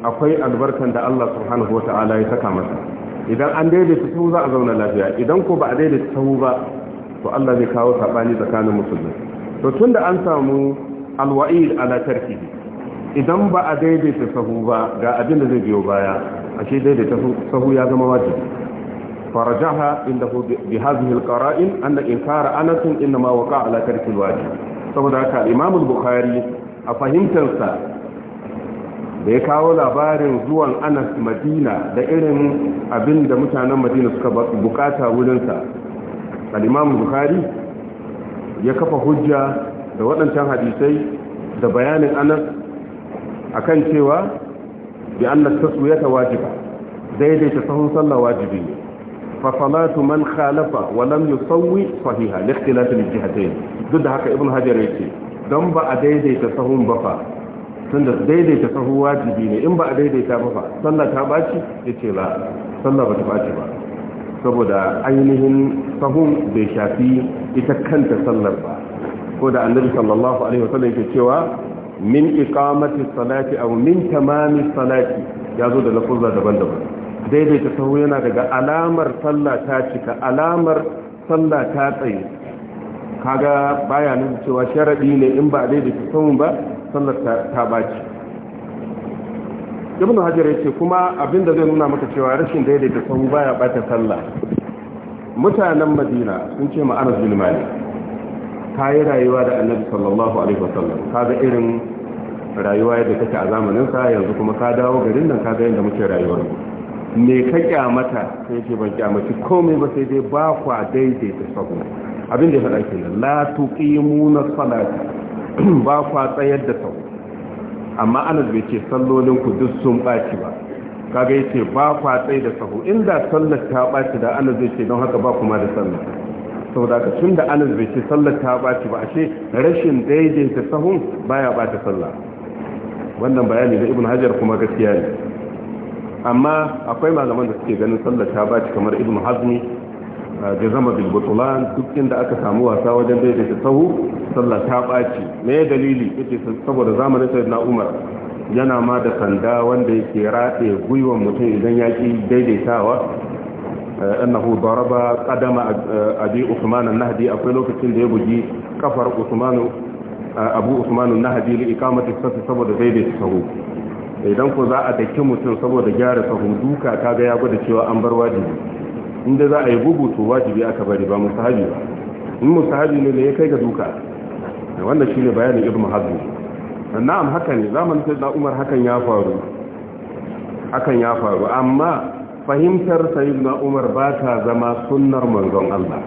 akwai albarkan da Allah subhanahu wata'ala ya saka masa idan an daidaita sahu za a zauna lafiya idan ko ba a daidaita sahu ba to Allah zai kawo sabani tsakanin musulmi to tunda an samu alwa'id ala tarkihi idan ba a daidaita sahu ba ga abin da zai biyo baya ashe daidaita sahu ya zama wajib farajaha inda hu bi hadhihi alqara'in anna inkara anas inna ma waqa'a ala tarki alwajib saboda haka imam al-bukhari a fahimtar sa da ya kawo labarin zuwan anas madina da irin abin da mutanen madina suka bukata wurin sa al-imam bukhari ya kafa hujja da waɗancan hadisai da bayanin anas akan cewa bi annas taswiyata wajiba daidaita sahun sallah wajibi ne fa salatu man khalafa wa lam yusawwi sahiha li ikhtilaf al jihatayn duk da haka ibn hajar yake dan ba a daidaita sahun ba fa tunda daidaita sahu wajibi ne in ba a daidaita ba fa sallah ta baci yace la sallah ba ta baci ba saboda ainihin sahun bai shafi ita kanta sallar ba ko da annabi sallallahu alaihi wasallam yake cewa min iqamati salati aw min tamami salati ya zo da lafuzza daban-daban daidaita sahu yana daga alamar sallah ta cika alamar sallah ta tsaye kaga baya nan cewa sharadi ne in ba daidaita sahun ba sallar ta baci ibn hajar yace kuma abinda zai nuna maka cewa rashin daidaita sahu baya bata sallah mutanen madina sun ce ma anas bin malik yi rayuwa da annabi sallallahu alaihi wasallam kaga irin rayuwa yadda take a zamanin sa yanzu kuma ka dawo garin nan ka ga yadda muke rayuwa me ka kyamata sai ce ban kyamaci komai ba sai dai ba kwa daidaita sabu abin da ya faɗa nan la tuqimuna salata ba kwa tsayar da sabu amma anas bai ce sallolin ku duk sun baci ba kaga yace ba kwa tsayi da sahu inda sallar ta baci da anas zai ce don haka ba kuma da sallar saboda ka da anas bai ce sallar ta baci ba ashe rashin daidaita sahun baya bata sallah wannan bayani da ibn hajar kuma gaskiya ne amma akwai malaman da suke ganin sallar ta baci kamar ibn hazmi da zama bilbutulan duk inda aka samu wasa wajen daidaita sahu sallar ta baci me dalili yake saboda zamanin sai na umar yana ma da sanda wanda yake rataye gwiwan mutum idan ya ki daidaitawa annahu daraba qadama abi usman an-nahdi akwai lokacin da ya bugi kafar usman abu usmanun nahabi li ikamati safi saboda daidaita sahu idan ko za a daki mutum saboda gyara sahu duka kaga ya gwada cewa an bar wajibi inda za a yi bugu to wajibi aka bari ba musahabi ba in musahabi ne da ya kai ga duka wanda shi ne bayanin ibnu hazm na'am haka ne zamanin sayyidina umar hakan ya faru hakan ya faru amma fahimtar na umar ba ta zama sunnar manzon Allah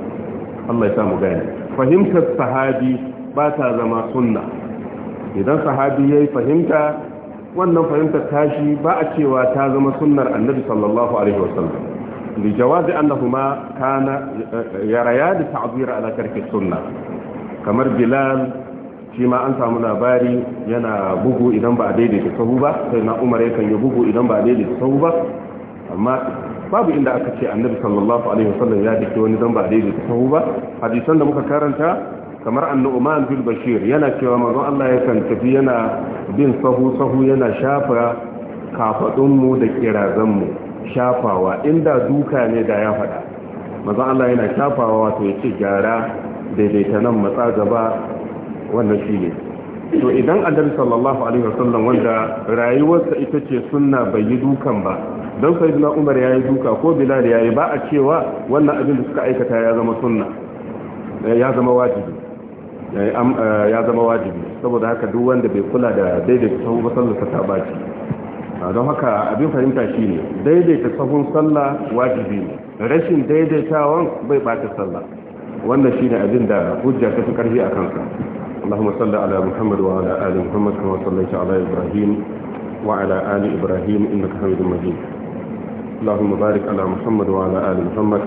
Allah ya samu gani fahimtar sahabi ba ta zama sunna idan sahabi ya yi fahimta wannan fahimtar tashi ba a cewa ta zama sunnar annabi sallallahu alaihi wasallam li jawazi annahuma kana eh, yaraya da ta'bir ala tarki sunna kamar bilal shi ma an samu labari yana bugu idan ba daidaita sahu ba sai na umar ya kan yi bugu idan ba daidaita sahu ba amma babu inda aka ce annabi sallallahu alaihi wasallam ya dake wani dan ba daidaita sahu ba hadisan da muka karanta kamar annu'man bin bashir yana cewa manzon Allah ya kan tafi yana bin sahu sahu yana shafa kafadun mu da kirazan mu shafawa inda duka ne da ya fada manzon Allah yana shafawa wato yace gyara daidaita nan matsa gaba wannan shine to idan annabi sallallahu alaihi wasallam wanda rayuwarsa ita ce sunna bai yi dukan ba don sayyidina Umar yayi duka ko Bilal yayi ba a cewa wannan abin da suka aikata ya zama sunna ya zama wajibi Eh, eh, ya zama wajibi saboda haka duk wanda bai kula da daidaita sahun sallarsa ta baci ah, don haka abin fahimta shine daidaita sahun sallah wajibi ne rashin daidaitawan bai bata sallah wannan shine abin da hujja ta fi karfi a kansa اللهم صل على محمد وعلى آل محمد كما صليت على إبراهيم وعلى آل إبراهيم إنك حميد مجيد اللهم بارك على محمد وعلى آل محمد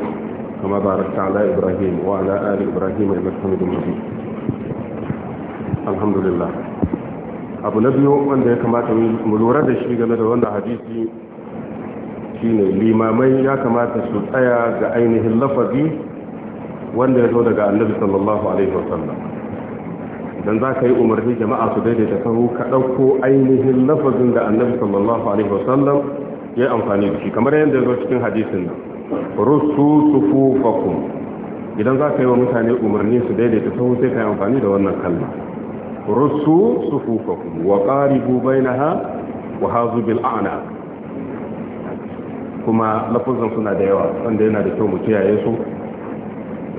كما باركت على إبراهيم وعلى آل إبراهيم إنك حميد مجيد alhamdulillah abu na biyu wanda ya kamata mu lura da shi game da wanda hadisi shine limamai ya kamata su tsaya ga ainihin lafazi wanda ya zo daga annabi sallallahu alaihi wasallam dan za ka yi umarni jama'a su daidaita sahu ka ɗauko ainihin lafazin da annabi sallallahu alaihi wasallam ya yi amfani da shi kamar yadda ya zo cikin hadisin nan rusu sufufakum idan za ka yi wa mutane umarni su daidaita sahu sai ka yi amfani da wannan kalma rusu sufufakum wa qaribu bainaha wa hazu bil a'na kuma lafazan suna da yawa wanda yana da kyau mu kiyaye su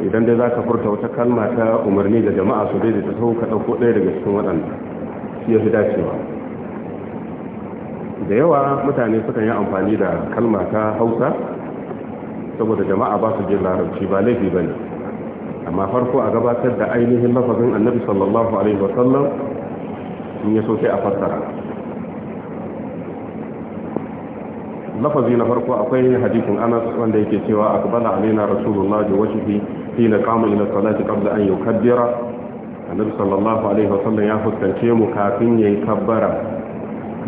idan dai zaka furta wata kalma ta umarni da jama'a su dai da ta sauka dauko ɗaya daga cikin waɗanda shi ya fi dacewa da yawa mutane sukan yi amfani da kalma ta hausa saboda jama'a ba su jin larabci ba laifi ba ne amma farko a gabatar da ainihin lafazin annabi sallallahu alaihi wasallam in ya sai a fassara lafazi na farko akwai ne hadisin anas wanda yake cewa akbala alaina rasulullah bi wajhihi hina qama ila salati qabla an yukabbira annabi sallallahu alaihi wasallam ya fuskance mu kafin yayi kabbara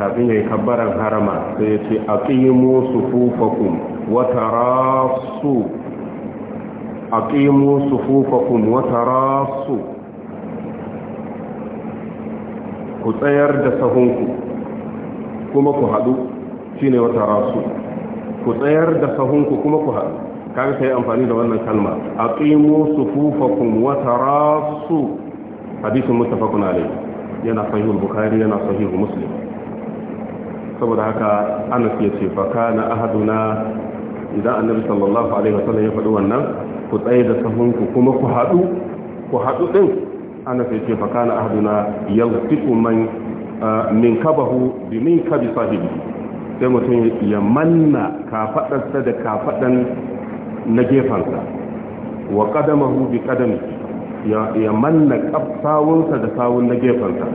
kafin yayi kabbaran harama sai ya ce aqimu sufufakum wa tarasu aqimu sufufakum wa tarasu ku tsayar da sahunku kuma ku haɗu shine wa tarasu ku tsayar da sahunku kuma ku haɗu kaga sai amfani da wannan kalma aqimu sufufakum wa tarasu hadisin muttafaqun alayhi yana sahihul bukhari yana sahihul muslim saboda haka anas yace fa kana ahaduna idan annabi sallallahu alaihi wasallam ya faɗi wannan ku tsaye da sahunku kuma ku haɗu ku haɗu ɗin ana sai ce fakana ahaduna yaltiku man min kabahu bi min kabi sahibi sai mutum ya manna kafaɗarsa da kafaɗan na gefansa wa qadamahu bi qadami ya manna sawunsa da sawun na gefansa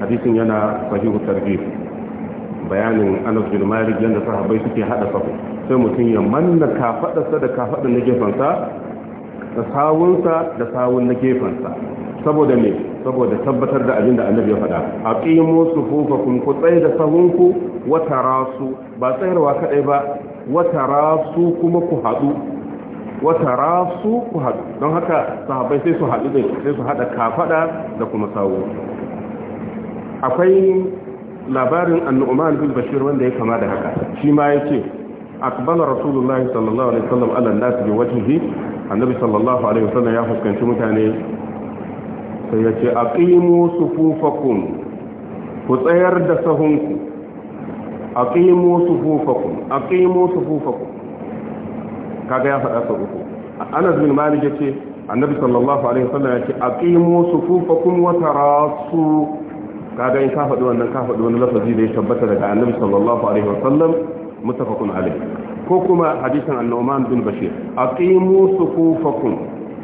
hadisin yana sahihu tarjih bayanin anas bin malik yadda sahabbai suke hada sahu sai mutum ya manna kafadarsa da kafadar na gefensa da sawunsa da sawun na gefensa saboda me saboda tabbatar da abin da annabi ya faɗa aqimu sufufakum ku tsaye da sahunku wa tarasu ba tsayarwa kadai ba wa tarasu kuma ku hadu wa tarasu ku hadu don haka sahabbai sai su hadu sai su hada kafada da kuma sawu akwai labarin annu'man bin bashir wanda ya kama da haka shi ma ya yace akbala rasulullahi sallallahu alaihi wasallam ala nas bi wajhihi annabi sallallahu alaihi wasallam ya fuskanci mutane sai yace aqimu sufufakum ku tsayar da sahunku aqimu sufufakum aqimu sufufakum kaga ya faɗa sau uku Anas bin Malik ce annabi sallallahu alaihi wasallam yace aqimu sufufakum wa tarasu kaga in ka faɗi wannan ka faɗi wani lafazi da ya tabbata daga annabi sallallahu alaihi wa sallam Mutafakun alaihi ko kuma hadisin annuman bin bashir aqimu sufufakum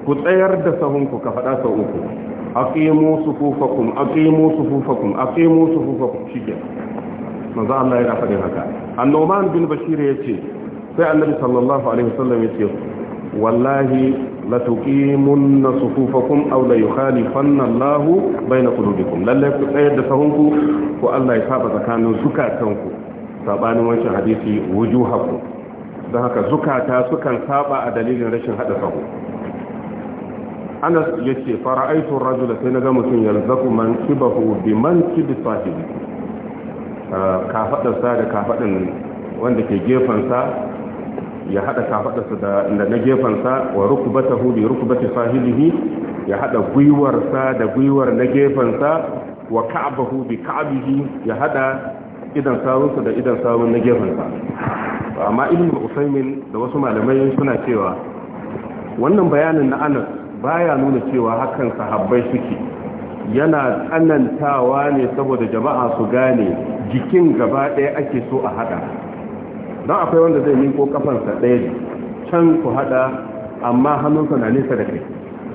ku tsayar da sahunku ka faɗa sau uku aqimu sufufakum aqimu sufufakum aqimu sufufakum shike manzo Allah yana faɗin haka annuman bin bashir yace sai annabi sallallahu alaihi wa wasallam yace wallahi la tuqimunna sufufakum aw la yukhalifanna ku baina qulubikum lalle ku tsayar da sahunku ko Allah ya saba tsakanin zukatanku sabanin wancan hadisi wujuhakum don haka zukata sukan saba a dalilin rashin hada sahu Anas yace fara'aytu ar-rajula sai na ga mutum yalzaku man kibahu bi man kibi sahibi ah, kafadarsa da kafaɗin wanda ke gefansa ya hada kafadarsa da na gefensa, wa rukbatahu bi rukbati fahilihi ya hada gwiwarsa da gwiwar na gefensa, wa ka'bahu bi ka'bihi ya hada idan sawunsa da idan sawun na gefensa. amma ibn usaymin da wasu malamai suna cewa wannan bayanin na Anas baya nuna cewa hakan sahabbai suke yana tsanantawa ne saboda jama'a su gane jikin gaba ɗaya ake so a hada don akwai wanda zai ko kafansa ɗaya can ku haɗa amma hannunsa na nesa da kai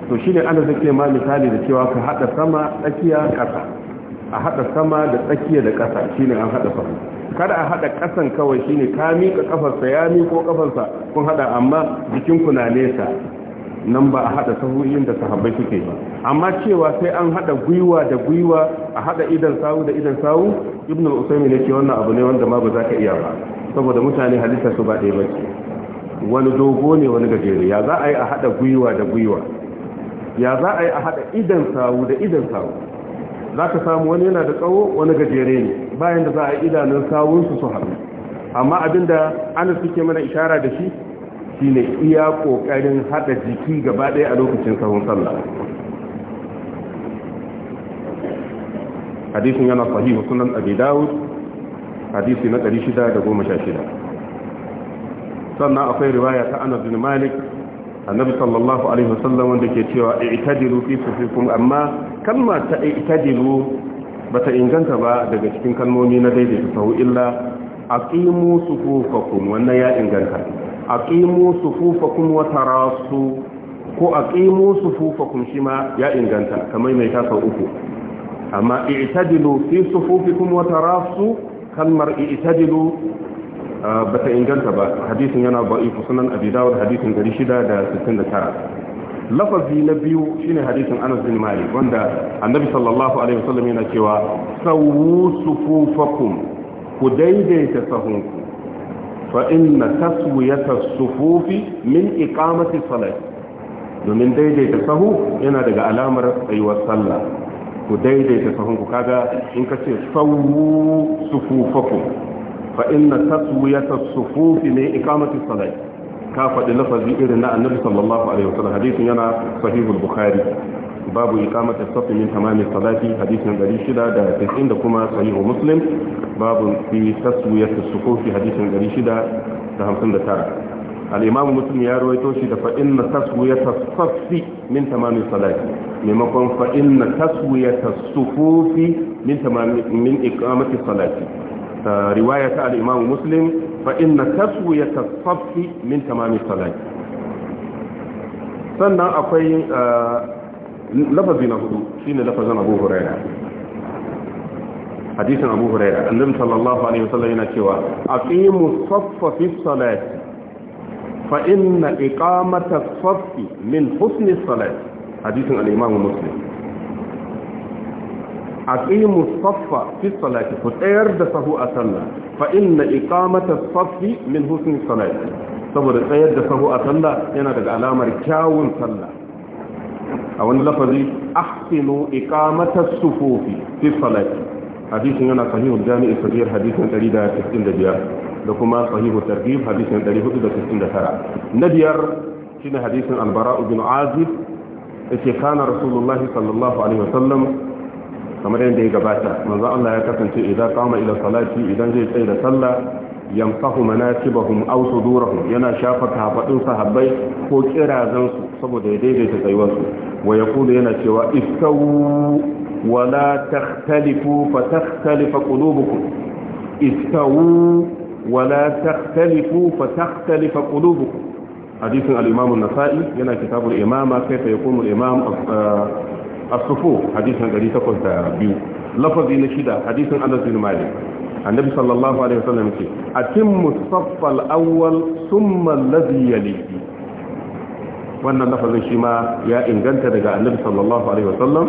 to shine ana zake ma misali da cewa ka haɗa sama tsakiya ƙasa a haɗa sama da tsakiya da ƙasa shine an haɗa sama kada a haɗa ƙasan kawai shine ka miƙa kafarsa ya miƙo kafarsa kun haɗa amma jikinku na nesa nan ba a hada sahuhin da sahabbai suke ba amma cewa sai an haɗa gwiwa da gwiwa a hada idan sawu da idan sawu ibnu ne ke wannan abu ne wanda ma ba za ka iya ba saboda mutane halitta su ba ɗaya ba ce wani dogo ne wani gajere ya za a yi a hada gwiwa da gwiwa ya za a yi a hada idan sawu da idan sawu za ka samu wani yana da tsawo wani gajere ne bayan da za a yi idanun sawunsu su haɗu amma abinda ana suke mana ishara da shi shine iya kokarin hada jiki gaba ɗaya a lokacin sahun sallah hadisin yana sahihu sunan abi dawud hadisi na 616 sannan akwai riwaya ta anas bin malik annabi sallallahu alaihi wasallam wanda ke cewa i'tadilu fi sufikum amma kalma ta i'tadilu bata inganta ba daga cikin kalmomi na daidaita sahu illa aqimu sufufakum wannan ya inganta A aqimu sufufakum wata tarasu ko a aqimu shi ma ya inganta kamar mai ta uku amma i'tadilu fi sufufikum wa tarasu kalmar ah, ba ta inganta ba hadisin yana ba'ifu sunan abi dawud hadisin 669 lafazi na biyu shine hadisin Anas bin Malik wanda Annabi sallallahu alaihi wasallam yana cewa sawu sufufakum ku daidaita sahunku fa inna taswiyata sufufi min iqamati salat domin daidaita sahu yana daga alamar tsayuwar sallah ku daidaita sahun ku kaga in ka ce sawu sufufakum fa inna taswiyata sufufi min iqamati salai ka faɗi lafazi irin na annabi sallallahu alaihi wasallam hadisin yana sahihul bukhari babu iqamati safi min tamami salati hadisin 690 da kuma sahihu muslim babu fi taswiyati sufufi hadisin 659 al-imam muslim ya rawaito shi da fa inna taswiyata safi min tamami salati maimakon fa inna taswiyata sufufi min tamami min iqamati salati riwayata al-imam muslim fa inna taswiyata safi min tamami salati sannan akwai ah, lafazi na hudu shine lafazin Abu Hurairah hadisin Abu Hurairah annabi sallallahu alaihi wasallam yana cewa aqimu saffa fi salati fa inna iqamata saffi min husni salati hadisin al-Imam Muslim aqimu saffa fi salati ku tsayar da sahu a sallah fa inna iqamata saffi min husni salati saboda tsayar da sahu a sallah yana daga alamar kyawun sallah a wani lafazi ahsinu iqamata sufufi fi salati hadisin yana sahihul jami'i sahih hadisin 195 da kuma sahihu targhib hadisin 469 na biyar shine hadisin albara ibn azib yace kana rasulullah sallallahu alaihi wasallam kamar yadda ya gabata manzo Allah ya kasance idan kama ila salati idan zai tsaya da sallah yanfahu manasibahum aw sudurahum yana shafa kafadun sahabbai ko kirazan su saboda ya daidaita tsayuwar su wa yaqulu yana cewa istawu wa la takhtalifu fa takhtalifa qulubukum istawu wa la takhtalifu fa takhtalifa qulubukum hadithun al-imam an-nasa'i yana kitabul imama kayfa yakunu al-imam as-sufu hadithun 802 lafazi na shida hadithun anas bin malik annabi sallallahu alaihi wasallam ce atimmu saffal awwal thumma alladhi yalihi wannan lafazin shi ma ya inganta daga annabi sallallahu alaihi wasallam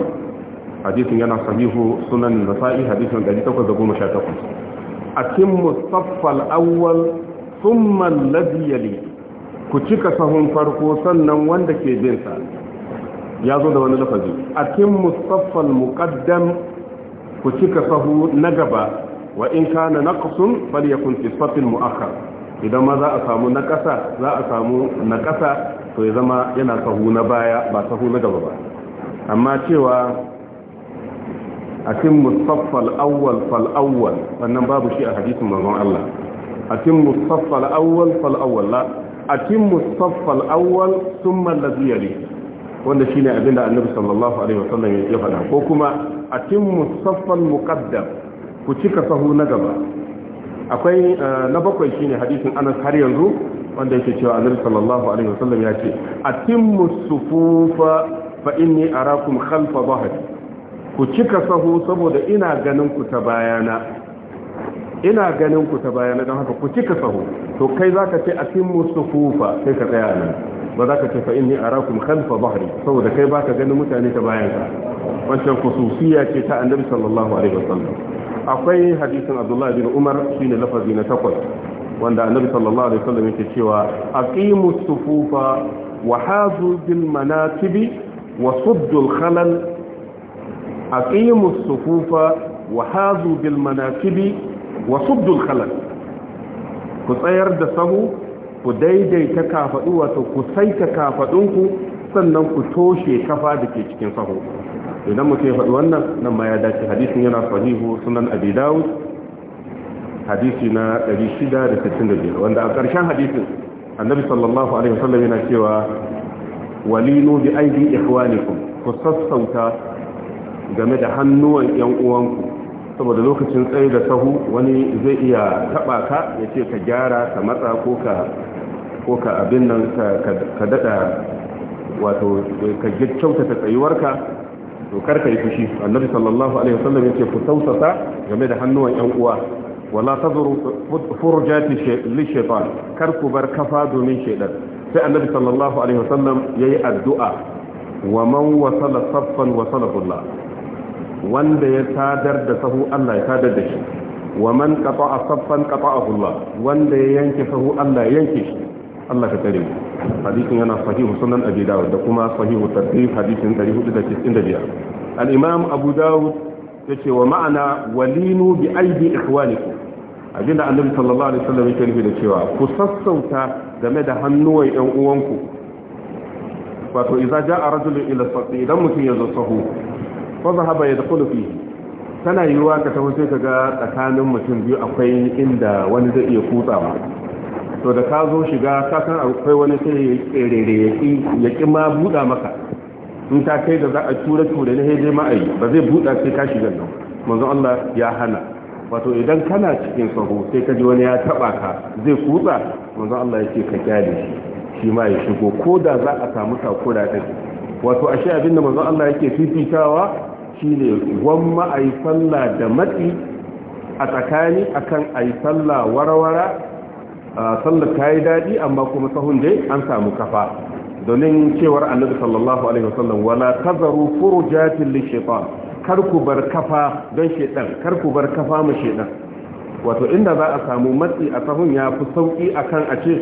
hadisin yana sahihu sunan nasa'i hadisin 1818 atimmu saffal awwal thumma alladhi yalihi ku cika sahun farko sannan wanda ke bin sa ya zo da wani lafazi atimmu saffal muqaddam ku cika sahu na gaba wa in kana naqsun falyakun fi safin mu'akhkhar idan ma za a samu naqasa za a samu naqasa to ya zama yana sahu na baya ba sahu na gaba ba amma cewa akin musaffal awwal fal awwal wannan babu shi a hadisin manzon Allah akin musaffal awwal fal awwal la cin musaffal awwal sun alladhi yali wanda shi shine abinda annabi sallallahu alaihi wasallam ya faɗa ko kuma a akin musaffal muqaddam ku cika sahu na gaba akwai eh, na bakwai shine hadisin anas har yanzu wanda yake cewa annabi sallallahu alaihi wasallam ya ce atimmu sufufa fa inni arakum khalfa dhahri ku cika sahu saboda ina ganin ku ta bayana ina ganin ku ta bayana don haka ku cika sahu to kai zaka ce atimmu sufufa sai ka tsaya nan ba za ka ce fa inni arakum khalfa dhahri saboda kai baka ganin mutane ta bayanka wancan khususiyya ce ta annabi sallallahu alaihi wasallam akwai hadisin abdullahi bin umar shine lafazi na takwas wanda annabi sallallahu alaihi wasallam yake cewa aqimu sufufa wa hazu bil manatibi wa suddu al khalal aqimu sufufa wa hazu bil manatibi wa suddu al khalal ku tsayar da sahu ku daidaita kafadu wato ku saita kafadunku sannan ku toshe kafa da ke cikin sahu idan muke ya faɗi wannan nan ma ya dace hadisin yana sahihu sunan abi dawud hadisi na 665 wanda a ƙarshen hadisin annabi sallallahu alaihi wasallam yana cewa walinu bi aidi ikhwanikum ku sassauta game da hannuwan yan uwanku saboda lokacin tsaye da sahu wani zai iya taba ka ya ce ka gyara ka matsa ko ka ko ka abin nan ka dada wato ka kyautata tsayuwarka to karka yi fushi annabi sallallahu alaihi wasallam yace ku tausasa game da hannuwan yan uwa wala tazuru furjati lishaitan kar ku bar kafa domin shaidan sai annabi sallallahu alaihi wasallam yayi addu'a wa man wasala saffan wasala billah wanda ya sadar da sahu Allah ya sadar da shi wa man qata'a saffan qata'ahu Allah wanda ya yanke sahu Allah ya yanke shi Allah ka tsare mu hadisin yana sahihu sunan abi dawud da kuma sahihu tartib hadisin 495 al-imam abu dawud yace wa ma'ana walinu bi aidi ikhwanikum abinda annabi sallallahu alaihi wasallam yake nufi da cewa ku sassauta game da hannuwan ƴan uwanku wato idza jaa rajulun ila safi idan mutum ya zo sahu fa zahaba yadkhulu fihi tana yiwuwa ka taho sai ka tsakanin mutum biyu akwai inda wani zai iya kutsawa to da ka zo shiga ka san akwai wani sai ya tsere ya ki ma buɗa maka in ta kai da za a tura tura ne sai dai ma ba zai buɗa sai ka shiga nan manzon Allah ya hana wato idan kana cikin sahu sai ka ji wani ya taba ka zai kutsa manzon Allah yake ka kyale shi shi ma ya shigo ko da za a samu takura din wato ashe abinda manzon Allah yake fifitawa shine gwamma ai sallah da matsi a tsakani akan ai sallah warawara sallar ta yi daɗi amma kuma sahun dai an samu kafa domin cewar annabi sallallahu alaihi wasallam wala tazaru furujatin li shaytan kar ku bar kafa don shaytan kar ku bar kafa ma shaytan wato inda za a samu matsi a sahun ya fi sauki akan a ce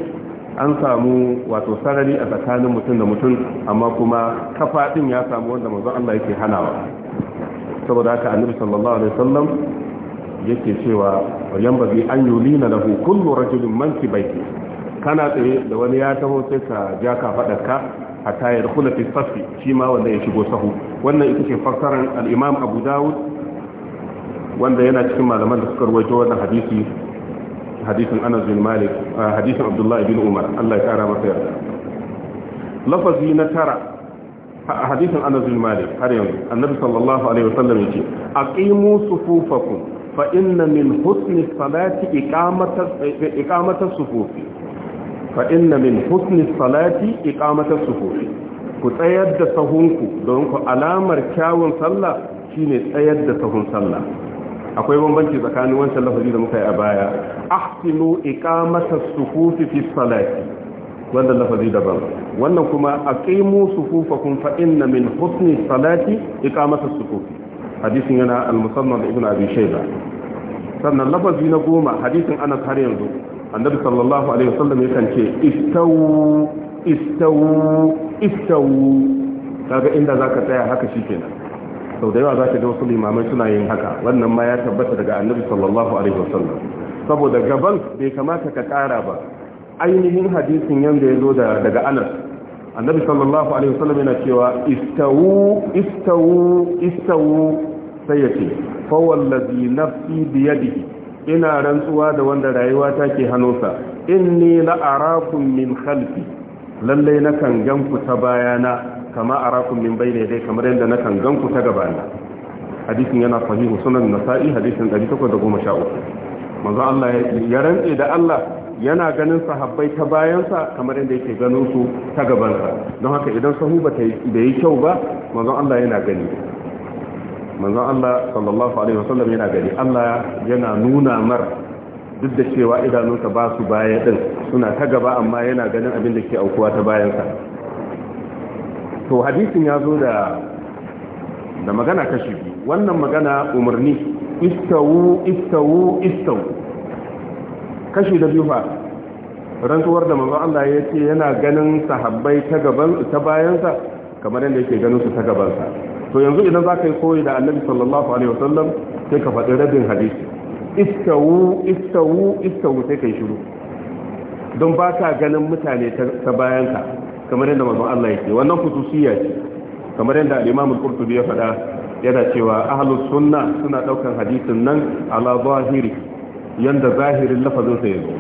an samu wato sarari a tsakanin mutum da mutum amma kuma kafa din ya samu wanda manzo Allah yake hanawa saboda haka annabi sallallahu alaihi wasallam yake cewa wayan bazi an yulina lahu kullu rajulin manki baiti kana tsaye da wani ya taho sai ka ja ka fadarka hatta ya kula fi safi shi ma wanda ya shigo sahu wannan ita ce fassarar al'imam abu dawud wanda yana cikin malaman da suka rawaito wannan hadisi hadisin anas bin malik hadisin abdullah ibn umar Allah ya kara masa yarda lafazi na tara a hadisin anas bin malik har yanzu annabi sallallahu alaihi wasallam yace aqimu sufufakum fa inna min husni salati iqamatas sufufi fa inna min husni salati iqamatas sufufi ku tsayar da sahunku don ku alamar kyawun sallah shi ne tsayar da sahun sallah akwai bambanci tsakanin wancan lafazi da muka yi a baya ahsinu iqamatas sufufi fi salati wannan lafazi daban wannan kuma aqimu sufufakum fa inna min husni salati iqamatas sufufi hadisin yana al-musamman ibn abi shayba sannan lafazi na goma hadisin anas har yanzu annabi sallallahu alaihi wasallam ya ce istawu istawu istawu kaga inda zaka tsaya haka shikenan sau da yawa zaka ga wasu limamai suna yin haka wannan ma ya tabbata daga annabi sallallahu alaihi wasallam saboda gaban bai kamata ka kara ba ainihin hadisin yanda ya zo daga anas annabi sallallahu alaihi wasallam yana cewa istawu istawu istawu sai ya ce fawallazi nafsi biyadihi ina rantsuwa da wanda rayuwa ta ke hannunsa na arakun min khalfi lallai na kan ganku ta bayana kama arakum min bayne dai kamar yadda na kan ganku ta gabana hadisin yana fahimu sunan nasa'i hadisin 813 manzo Allah ya rantse da Allah yana ganin sahabbai ta bayansa kamar yadda yake ganin su ta gabansa don haka idan sahu ba ta yi kyau ba manzo Allah yana gani manzon Allah sallallahu alaihi wa sallam yana gari. Allah yana nuna mar duk da cewa idanunsa ba su baya din suna ta gaba amma yana ganin abin da ke aukuwa ta bayansa to hadisin ya zo da da magana kashi biyu, wannan magana umarni istawu istawu istawu kashi da biyu fa rantsuwar da manzon Allah ya ce yana ganin sahabbai ta gaban ta bayansa kamar yadda yake ganin su ta gabansa to yanzu idan za ka yi koyi da annabi sallallahu alaihi wasallam sai ka faɗi rabin hadisi istawu istawu istawu sai ka yi shiru don ba ka ganin mutane ta bayanka kamar yadda manzon Allah yake wannan kususiya ce kamar yadda al-Imam qurtubi ya faɗa yana cewa ahlus sunna suna ɗaukan hadisin nan ala zahiri yanda zahirin lafazin sa yanzu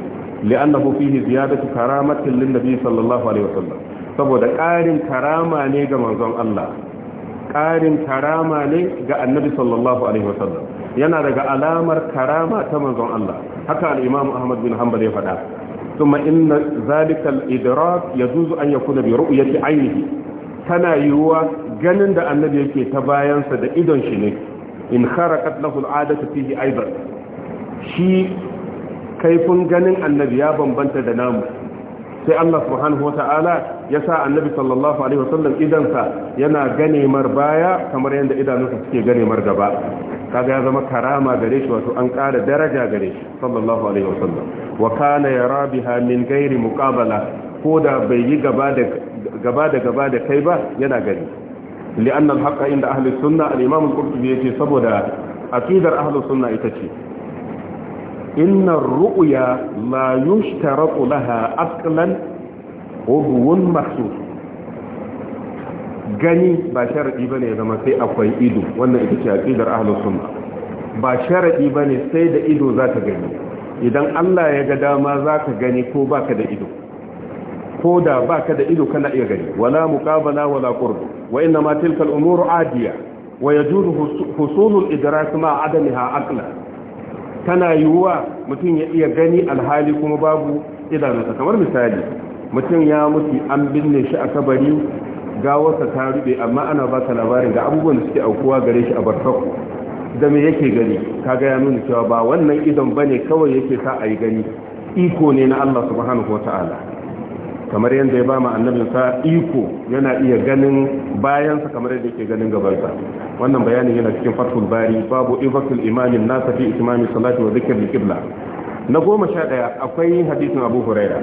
li'annahu fihi ziyadatu karamatin lin nabi sallallahu alaihi wasallam saboda ƙarin karama ne ga manzon Allah ƙarin karama ne ga annabi sallallahu alaihi wasallam yana daga alamar karama ta manzon Allah haka al-Imam Ahmad bin Hanbal ya faɗa kuma inna zalika al-idrak yajuzu an yakuna bi ru'yati aynihi tana yiwuwa ganin da annabi yake ta bayansa da idon shi ne in kharakat lahu al-adatu fihi aidan shi kaifin ganin annabi ya bambanta da namu sai Allah subhanahu ta'ala ya sa annabi sallallahu alaihi wasallam idansa yana ganemar baya kamar yadda idanunsa suke ganemar gaba kaga ya zama karama gare shi wato an ƙara daraja gare shi sallallahu alaihi sallam. wa kana yara biha min ghairi muqabala ko da bai yi gaba da gaba da gaba da kai ba yana gani li'anna al-haqqa inda ahli sunna al-imam al-qurtubi yake saboda aqidar ahli sunna ita ce inna ru'ya la yushtaratu laha aqlan udwun mahsus gani ba sharadi bane zama sai akwai ido wannan ita ce aqidar ahlus sunna ba sharadi bane sai da ido zaka gani idan Allah ya ga dama zaka gani ko baka da ido ko da baka da ido kana iya gani wala muqabala wala qurb wa inma tilka al-umur adiya wa yajuzu husulul idrak ma a aqlan tana yiwuwa mutum ya iya gani alhali kuma babu idanunsa kamar misali mutum ya mutu an binne shi a kabari gawarsa ta rube amma ana ba ka labarin ga abubuwan da suke aukuwa gare shi a barkaku da me yake gani kaga ya nuna cewa ba wannan idon bane kawai yake sa a yi gani iko ne na Allah subhanahu ta'ala. kamar yadda ya ba ma sa iko yana iya ganin bayansa kamar yadda ke ganin gabansa wannan bayanin yana cikin fathul bari babu ifatul imamin na tafi imamin salatu wa zikr al na goma sha daya akwai hadisin abu huraira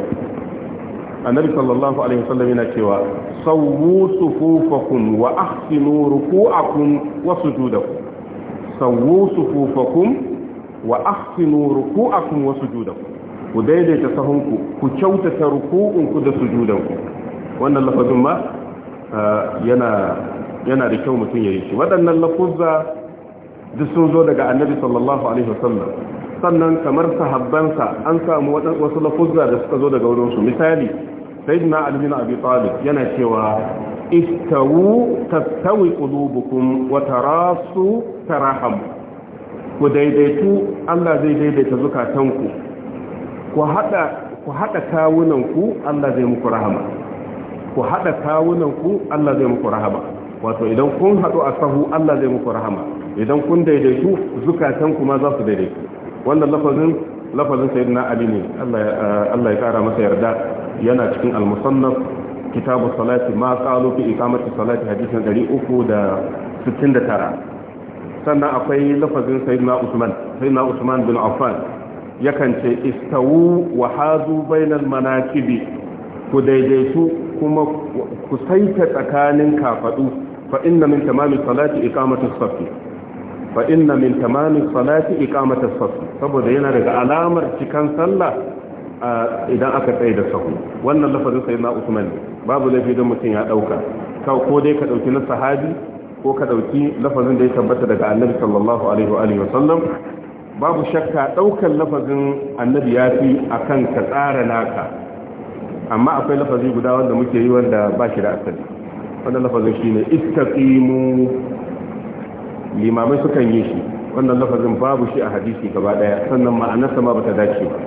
annabi sallallahu alaihi wasallam yana cewa sawwu sufufakum wa ahsinu ruku'akum wa sujudakum sawwu sufufakum wa ahsinu ruku'akum wa sujudakum ku daidaita sahunku ku kyautata ruku'unku da sujudanku wannan lafazin ma ah, yana da kyau mutum ya yi shi waɗannan lafuzza duk sun zo daga annabi sallallahu alaihi wasallam sannan kamar sahabbansa an samu wasu lafuzza da suka zo daga wurinsu misali sayyidina ali bin abi talib yana cewa istawu tattawi qulubukum wa tarasu taraham ku daidaitu Allah zai daidaita zukatanku ku haɗa kawunanku Allah zai muku rahama ku haɗa kawunanku Allah zai muku rahama wato idan kun haɗu a sahu Allah zai muku rahama idan kun daidaitu zukatan kuma za su daidaitu wannan lafazin lafazin sayyid na ali ne Allah ya ƙara masa yarda yana cikin al-musannaf kitabu salati ma qalu fi iqamati salati hadisin 369 sannan akwai lafazin sayyid na usman sayyid na usman bin affan yakan ce istawu wa hazu bainal manaqibi ku daidaitu kuma ku saita tsakanin kafadu fa inna min tamami salati iqamatu as fa inna min tamami salati iqamatu as saboda yana daga alamar cikan sallah idan aka tsaye da sahu wannan lafazin sayyidina Usman babu laifi da mutum ya dauka ko dai ka dauki na sahabi ko ka dauki lafazin da ya tabbata daga annabi sallallahu alaihi wa alihi wa sallam babu shakka ɗaukan lafazin annabi ya fi a kan ka tsara naka amma akwai lafazi guda wanda muke yi wanda ba shi da asali wannan lafazin shi ne istaqimu limamai sukan yi shi wannan lafazin babu shi a hadisi gaba ɗaya sannan ma'anarsa ma bata dace ba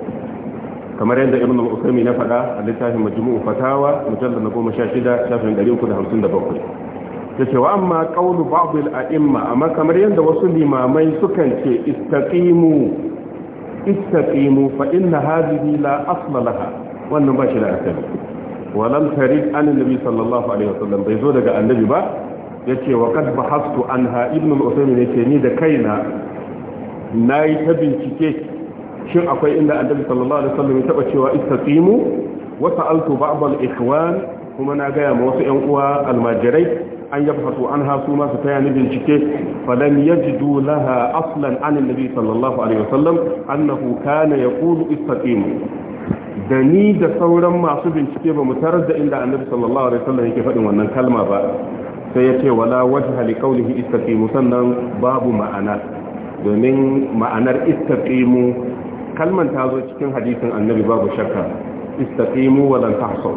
kamar yadda ibn al-usaimi na faɗa a littafin majmu'u fatawa mujallad na goma sha shida shafin 357 ta ce wa amma ba'bul a imma amma kamar yadda wasu limamai sukan ce istaqimu istaqimu fa inna hadhihi la asla wannan ba shi da asali wa tarid an annabi sallallahu alaihi wasallam bai zo daga annabi ba yace wa qad bahastu anha ibnu al-usaymin yace ni da kaina nayi ta bincike shin akwai inda annabi sallallahu alaihi wasallam ya taba cewa istaqimu wa sa'altu ba'd al-ikhwan kuma na gaya ma wasu yan uwa almajirai an yaba hasu an hasu masu taya na bincike falam yajidu laha aslan an annabi sallallahu alaihi wasallam annahu kana yaqulu istaqimu da ni da sauran masu bincike ba mu tarar da inda annabi sallallahu alaihi wasallam yake faɗin wannan kalma ba sai ya ce wala wajha li qawlihi istaqimu sannan babu ma'ana domin ma'anar istaqimu kalman ta zo cikin hadisin annabi babu shakka istaqimu wa lan tahsaw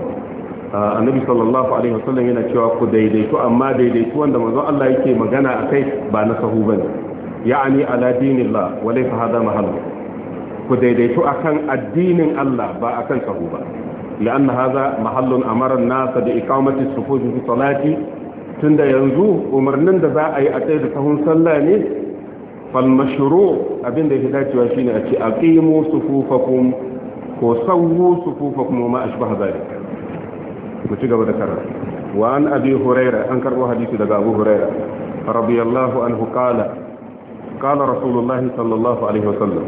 annabi sallallahu alaihi wasallam yana cewa ku daidaitu amma daidaitu wanda manzon Allah yake magana akai ba na sahu bane ya'ani ala dinillah wa laysa hada mahall ku daidaitu akan addinin Allah ba akan sahu ba لأن هذا محل أمر الناس بإقامة الصفوف في صلاتي tunda yanzu umarnin da za a yi a tsaye da sahun sallah ne falmashiro abin da ya dacewa shine a ce a ƙimu sufufakum ko sauwu sufufakum ma ashbah zalika mu ci gaba da karatu wa an abi huraira an karbo hadisi daga abu huraira radiyallahu anhu qala qala rasulullah sallallahu alaihi wasallam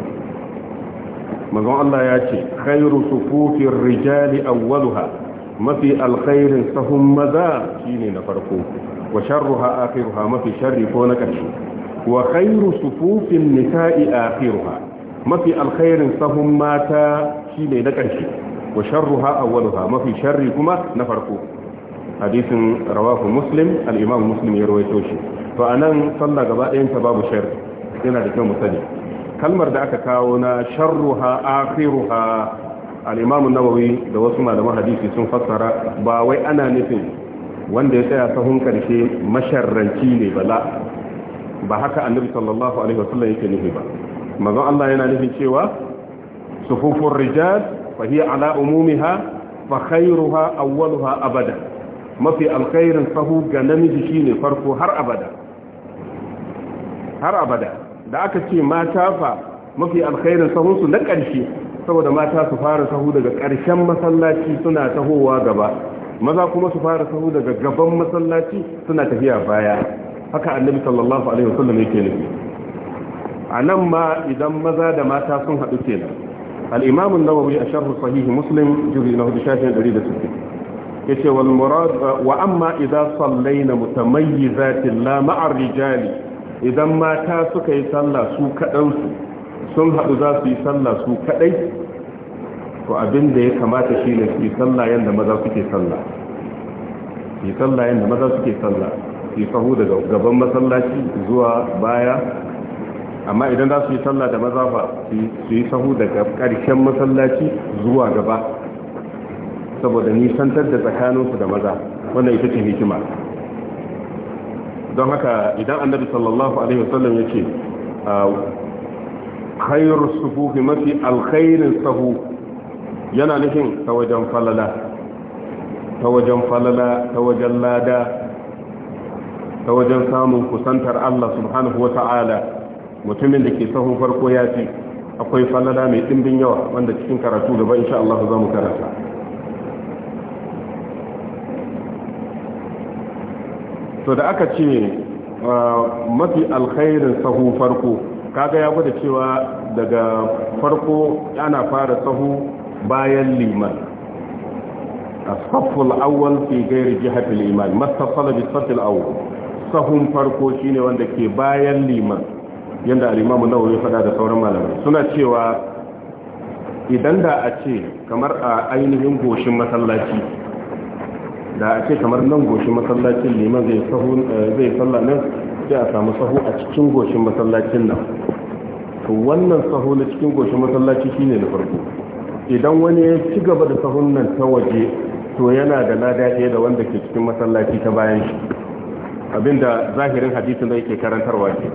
manzon Allah ya ce khairu sufufir rijali awwalaha mafi alkhairin sahun maza shine na farko wa sharruha akhiruha mafi sharri ko na karshe wa khairu sufufin nisa'i akhiruha mafi alkhairin sahun mata shine na karshe wa sharruha awwaluha mafi sharri kuma na farko hadisin rawahu muslim al-imam muslim ya rawaito shi to anan sallah gaba ɗayan ta babu sharri yana da kyau mu sani kalmar da aka kawo na sharruha akhiruha al-imam an-nawawi da wasu malaman hadisi sun fassara ba wai ana nufin wanda ya tsaya sahun karshe masharranci ne bala ba haka annabi sallallahu alaihi wasallam yake nufi ba manzon Allah yana nufin cewa sufufur rijal fa hiya ala umumiha fa khairuha awwaluha abada mafi alkhairin sahu ga shine farko har abada da aka ce mata fa mafi alkhairin sahun na ƙarshe saboda mata su fara sahu daga ƙarshen masallaci suna tahowa gaba maza kuma su fara sahu daga gaban masallaci suna tafiya baya haka annabi sallallahu alaihi wasallam yake nufi a nan ma idan maza da mata sun haɗu kenan al-imam an-nawawi a sharh sahih muslim juz'i na 1660 yace wal murad wa amma idza sallaina mutamayyizatin la ma'a rijali idan mata suka yi sallah su kadan sun haɗu za su yi sallah su kaɗai to abin ya kamata shine su yi sallah maza su sallah sahu daga gaban masallaci zuwa baya amma idan za su yi sallah da maza fa su yi sahu daga ƙarshen masallaci zuwa gaba saboda nisantar da tsakaninsu da maza wannan ita ce hikima don haka idan annabi sallallahu alaihi wasallam ya ce khayar sufufi mafi alkhairin sahu yana nufin ta wajen falala ta wajen falala ta wajen lada ta wajen samun kusantar Allah subhanahu wa ta'ala mutumin da ke sahun farko ya fi akwai falala mai ɗimbin yawa wanda cikin karatu gaba insha Allah za mu karanta to da aka ce ah, mafi alkhairin sahu farko kaga ya gwada cewa daga farko yana fara sahu bayan liman a الأول في غير جهة liman ما اتصل بالصف farko shine wanda ke bayan liman. yadda al'imamu na wuri faɗa da sauran malamai suna cewa idan da a ce kamar a ainihin goshin masallaci da a ce kamar nan goshin masallacin liman zai tsalla eh, nan sai a samu sahu a cikin goshin masallacin nan to wannan sahu na cikin goshin masallaci shine na farko idan wani ya ci gaba da sahun nan ta waje to yana da na ɗaya da wanda ke cikin masallaci ta bayan shi abinda zahirin hadisun da yake karantarwa ke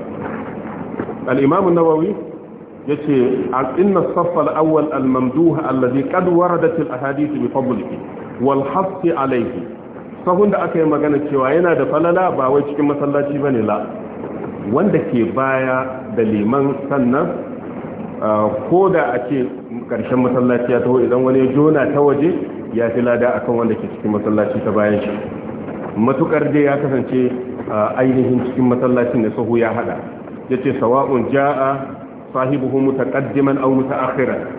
al-imam an-nawawi Ya ce as-saff al-awwal al-mamduh alladhi qad waradat al-ahadith wal sahun da aka yi magana cewa yana da falala ba wai cikin masallaci bane la wanda ke baya da liman sannan ko da a ce karshen masallaci ya taho idan wani ya jona ta waje ya fi lada akan wanda ke cikin masallaci ta bayan shi matukar dai ya kasance ainihin cikin masallacin da sahu ya hada yace sawa'un jaa sahibuhu mutaqaddiman aw mutaakhiran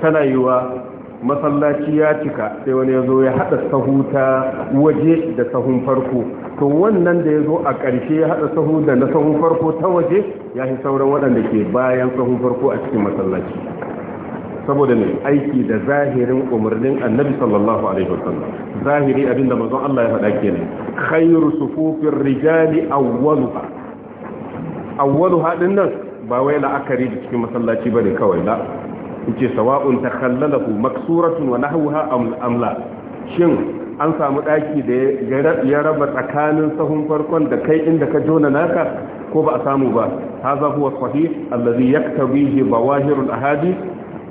tana yiwa masallaci ya cika sai wani yazo ya hada ta waje da sahun farko to wannan da yazo a ƙarshe ya hada sahu da na sahun farko ta waje ya yi sauran waɗanda ke bayan sahun farko a cikin masallaci saboda ne aiki da zahirin umarnin annabi sallallahu alaihi wasallam zahiri abinda manzon Allah ya faɗa kenan khairu sufufir rijali awwaluha awwalu haɗin nan ba wai la'akari da cikin masallaci bane kawai la yace sawa'un takhallalahu maksuratun wa nahwaha am shin an samu daki da ya raba tsakanin sahun farkon da kai inda ka jona naka ko ba a samu ba hadha huwa sahih alladhi yaktabihi bawahir alahadith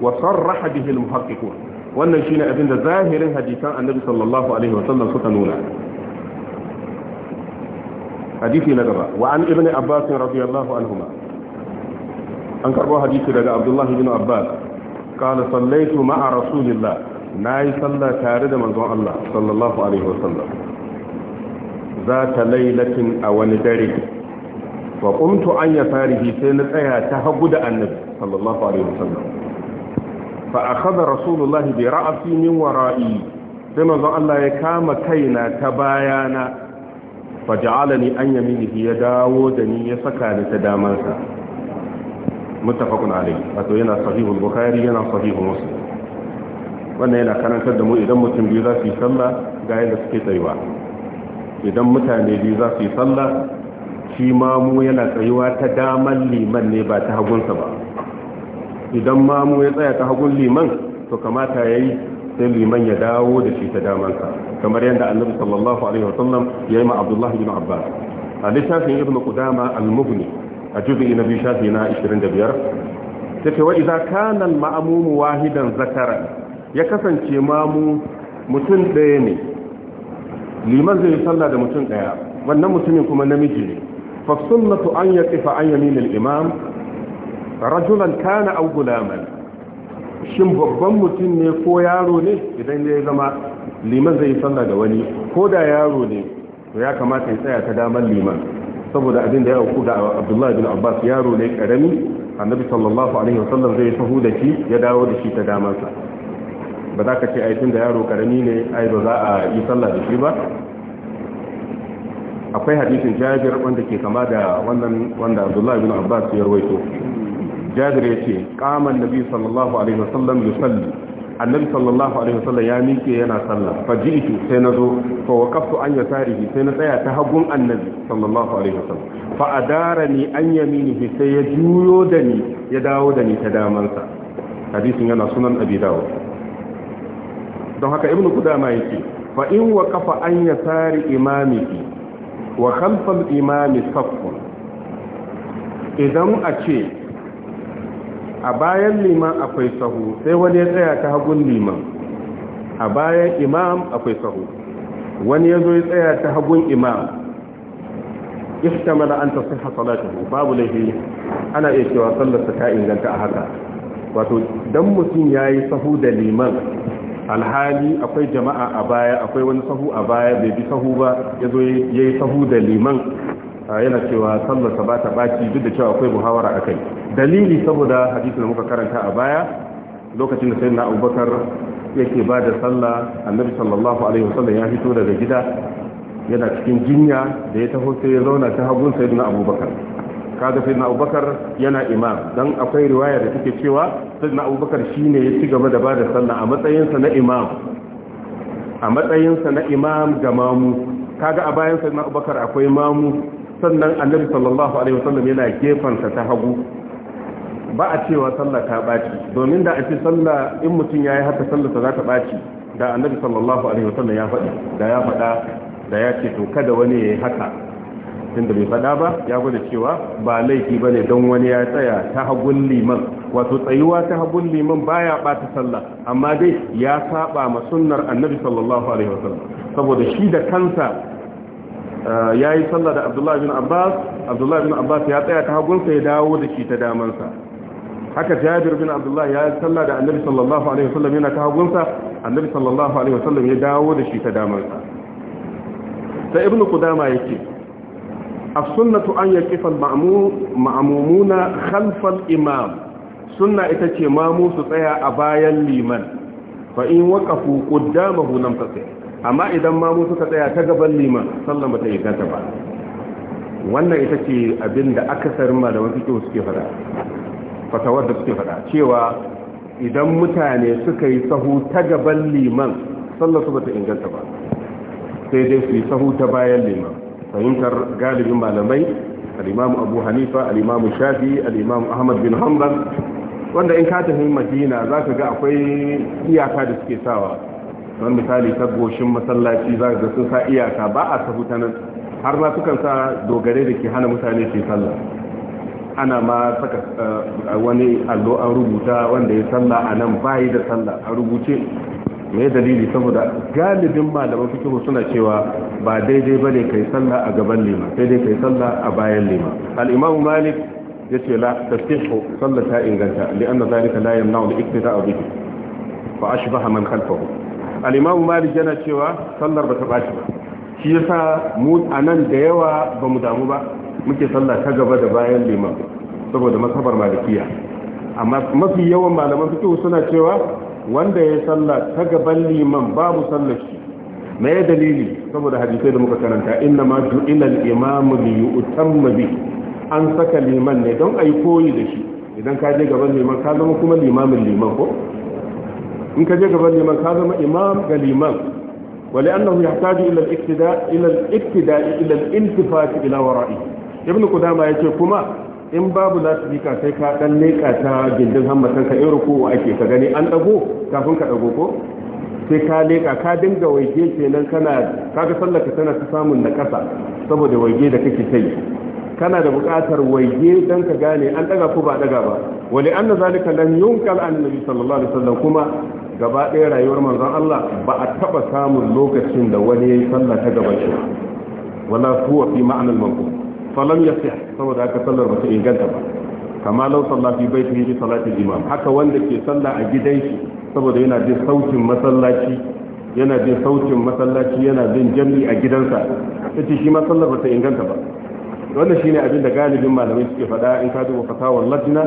wa sarraha bihi almuhaqqiqun wannan shine abin da zahirin hadisan annabi sallallahu alaihi wasallam suka nuna hadisi na gaba wa an ibn abbas radiyallahu anhuma an karbo hadisi daga abdullahi ibn abbas qala sallaitu ma'a rasulillah nayi sallah tare da manzon Allah sallallahu alaihi wasallam ta lailatin a wani dare wa qumtu an yasarihi sai na tsaya ta hagu da annabi sallallahu alaihi wasallam fa akhadha rasulullahi bi ra'si min wara'i sai manzon Allah ya kama kaina ta bayana faja'alani an yaminihi ya dawo da ni ya saka ni ta damansa muttafaqun alayhi wato yana sahihu bukhari yana sahihu muslim wannan yana karantar da mu idan mutum biyu za su yi sallah ga yadda suke tsayuwa idan mutane biyu za su yi sallah shi mamu yana tsayuwa ta daman liman ne ba ta hagunsa ba idan mamu ya tsaya ta hagun liman to kamata yayi sai liman ya dawo da shi ta damansa kamar yadda annabi sallallahu alaihi wasallam ya yi ma abdullah ibn abbas a littafin ibn qudama al-mughni a juz'i na biyu shafi na 25 take wa idza kana al-ma'mum wahidan zakara ya kasance mamu mutum ɗaya ne liman zai sallah da mutum ɗaya wannan mutumin kuma namiji ne fa sunnatu an yaqifa an yamin al-imam rajulan kana aw gulaman shin babban mutum ne ko yaro ne idan ya zama liman zai yi sallah da wani ko da yaro ne to ya kamata ya tsaya ta daman liman saboda abin da ya auku da abdullahi bin abbas yaro ne karami annabi sallallahu alaihi wasallam zai tafi da shi ya dawo da shi ta sa ba za ka ce ai tun da yaro karami ne ai ba za a yi sallah da shi ba akwai hadisin jabir wanda ke kama da wannan wanda abdullahi bin abbas ya rawaito Jadir jabir yace qama annabi sallallahu alaihi wasallam yusalli annabi sallallahu alaihi wasallam ya miƙe yana sallah fajitu sai nazo fa waqaftu an yasarihi sai na tsaya ta hagun annabi sallallahu alaihi wasallam fa adarani an yaminihi sai ya juyo da ni ya dawo da ni ta daman sa hadisin yana sunan abi dawud don haka ibnu qudama yake fa in waqafa an yasari imamiki wa khalfa al-imami saffun idan a ce a bayan liman akwai sahu sai wani ya tsaya ta hagun liman a bayan imam akwai sahu wani ya zo ya tsaya ta hagun imam ihtamala an tasiha salatuhu babu laifi ana iya cewa sallarsa ta inganta a haka wato dan mutum yayi sahu da liman alhali akwai jama'a a baya akwai wani sahu a baya bai bi sahu ba ya yazo yayi sahu da liman yana cewa sallarsa ba ta baci duk da cewa akwai muhawara kai. dalili saboda hadisin da muka karanta a baya lokacin da sayyidina abubakar yake ba da sallah annabi sallallahu alaihi wasallam ya fito daga gida yana cikin jinya da ya taho sai ya zauna ta hagun sayyidina abubakar kaga sayyidina abubakar yana imam dan akwai riwaya da take cewa sayyidina abubakar shine ya ci gaba da ba da sallah a matsayinsa na imam a matsayinsa na imam ga mamu kaga a bayan sayyidina abubakar akwai mamu sannan annabi sallallahu alaihi wasallam yana gefansa ta hagu ba a cewa sallah ta ɓaci domin da a ce sallah in mutum ya yi haka sallah ta za ta ɓaci da annabi sallallahu alaihi wasallam ya faɗi da ya faɗa da ya ce to kada wani ya yi haka tunda bai faɗa ba ya gwada cewa ba laifi ba ne don wani ya tsaya ta hagun liman wato tsayuwa ta hagun liman baya ɓata sallah amma dai ya saba ma sunnar annabi sallallahu alaihi wasallam saboda shi da kansa eh, ya yi sallah da abdullahi bin abbas abdullahi bin abbas ya tsaya ta hagunsa ya dawo da shi ta damansa haka jabir bin abdullahi ya salla da annabi sallallahu alaihi wasallam yana ta hagunsa annabi sallallahu alaihi wasallam ya dawo da shi ta damar sa. sai ibn qudama yake as-sunnatu an yaqifa al-ma'mumuna khalfa al-imam sunna ita ce mamu su tsaya a bayan liman fa in waqafu qaddamahu lam tasih amma idan mamu suka tsaya ta gaban liman sallan bata yi ta ba wannan ita ce abinda akasarin malaman fiqh suke faɗa. fatawar da suke fada cewa idan mutane suka yi sahu ta gaban liman sallar su bata inganta ba sai dai su yi sahu ta bayan liman fahimtar galibin malamai alimamu abu hanifa alimamu shafi alimamu ahmad bin hamdan wanda in ka tafi madina za ka ga akwai iyaka da suke sawa don misali ta goshin masallaci za ka sun sa iyaka ba a sahu ta nan har ma sukan sa dogare da ke hana mutane ke sallah ana ma saka eh, wani allo an rubuta wanda ya sallah a nan bayi da sallah a rubuce mai dalili saboda galibin malaman fikihu suna cewa ba daidai bane kai sallah a gaban lima sai dai kai sallah a bayan lima al-imam malik ce la tasihhu sallata inganta li'anna zalika la yamna'u al a bihi fa ashbaha man khalfahu al-imam malik yana cewa sallar ba ta bashi ba shi yasa mu anan da yawa ba mu damu ba muke sallah ta gaba da bayan liman saboda masabar malikiya amma mafi yawan malaman fiqh suna cewa wanda ya sallah ta gaban liman babu sallar shi me ya dalili saboda hadisai da muka karanta inna ma ju'ila al-imamu li yu'tamma bi an saka liman ne don ayi koyi da shi idan ka je gaban liman ka zama kuma limamin liman ko in ka je gaban liman ka zama imam ga liman ولأنه يحتاج إلى الاقتداء إلى الاقتداء إلى الالتفات إلى ورائه ibn kudama ya ce kuma in babu za su bika sai ka dan leƙa ta gindin hammatan ka in ruku ake ka gani an dago kafin ka dago ko sai ka leƙa ka dinga waige kenan kana kaga sallaka tana ta samun na saboda waige da kake ta yi kana da buƙatar waige don ka gane an daga ko ba daga ba wali an zalika lam yunkal an nabi sallallahu alaihi wasallam kuma gaba ɗaya rayuwar manzon Allah ba a taɓa samun lokacin da wani ya yi sallah ta gaban shi wala huwa fi ma'anar manqul falam yasih saboda aka sallar ba ta inganta ba kama law salla fi baitihi bi salati imam haka wanda ke sallah a gidan shi saboda yana jin sautin masallaci yana jin sautin masallaci yana jin jami'i a gidansa yace shi ma sallar ba ta inganta ba wannan shine abin da galibin malamai suke faɗa in ka duba fatawar ladina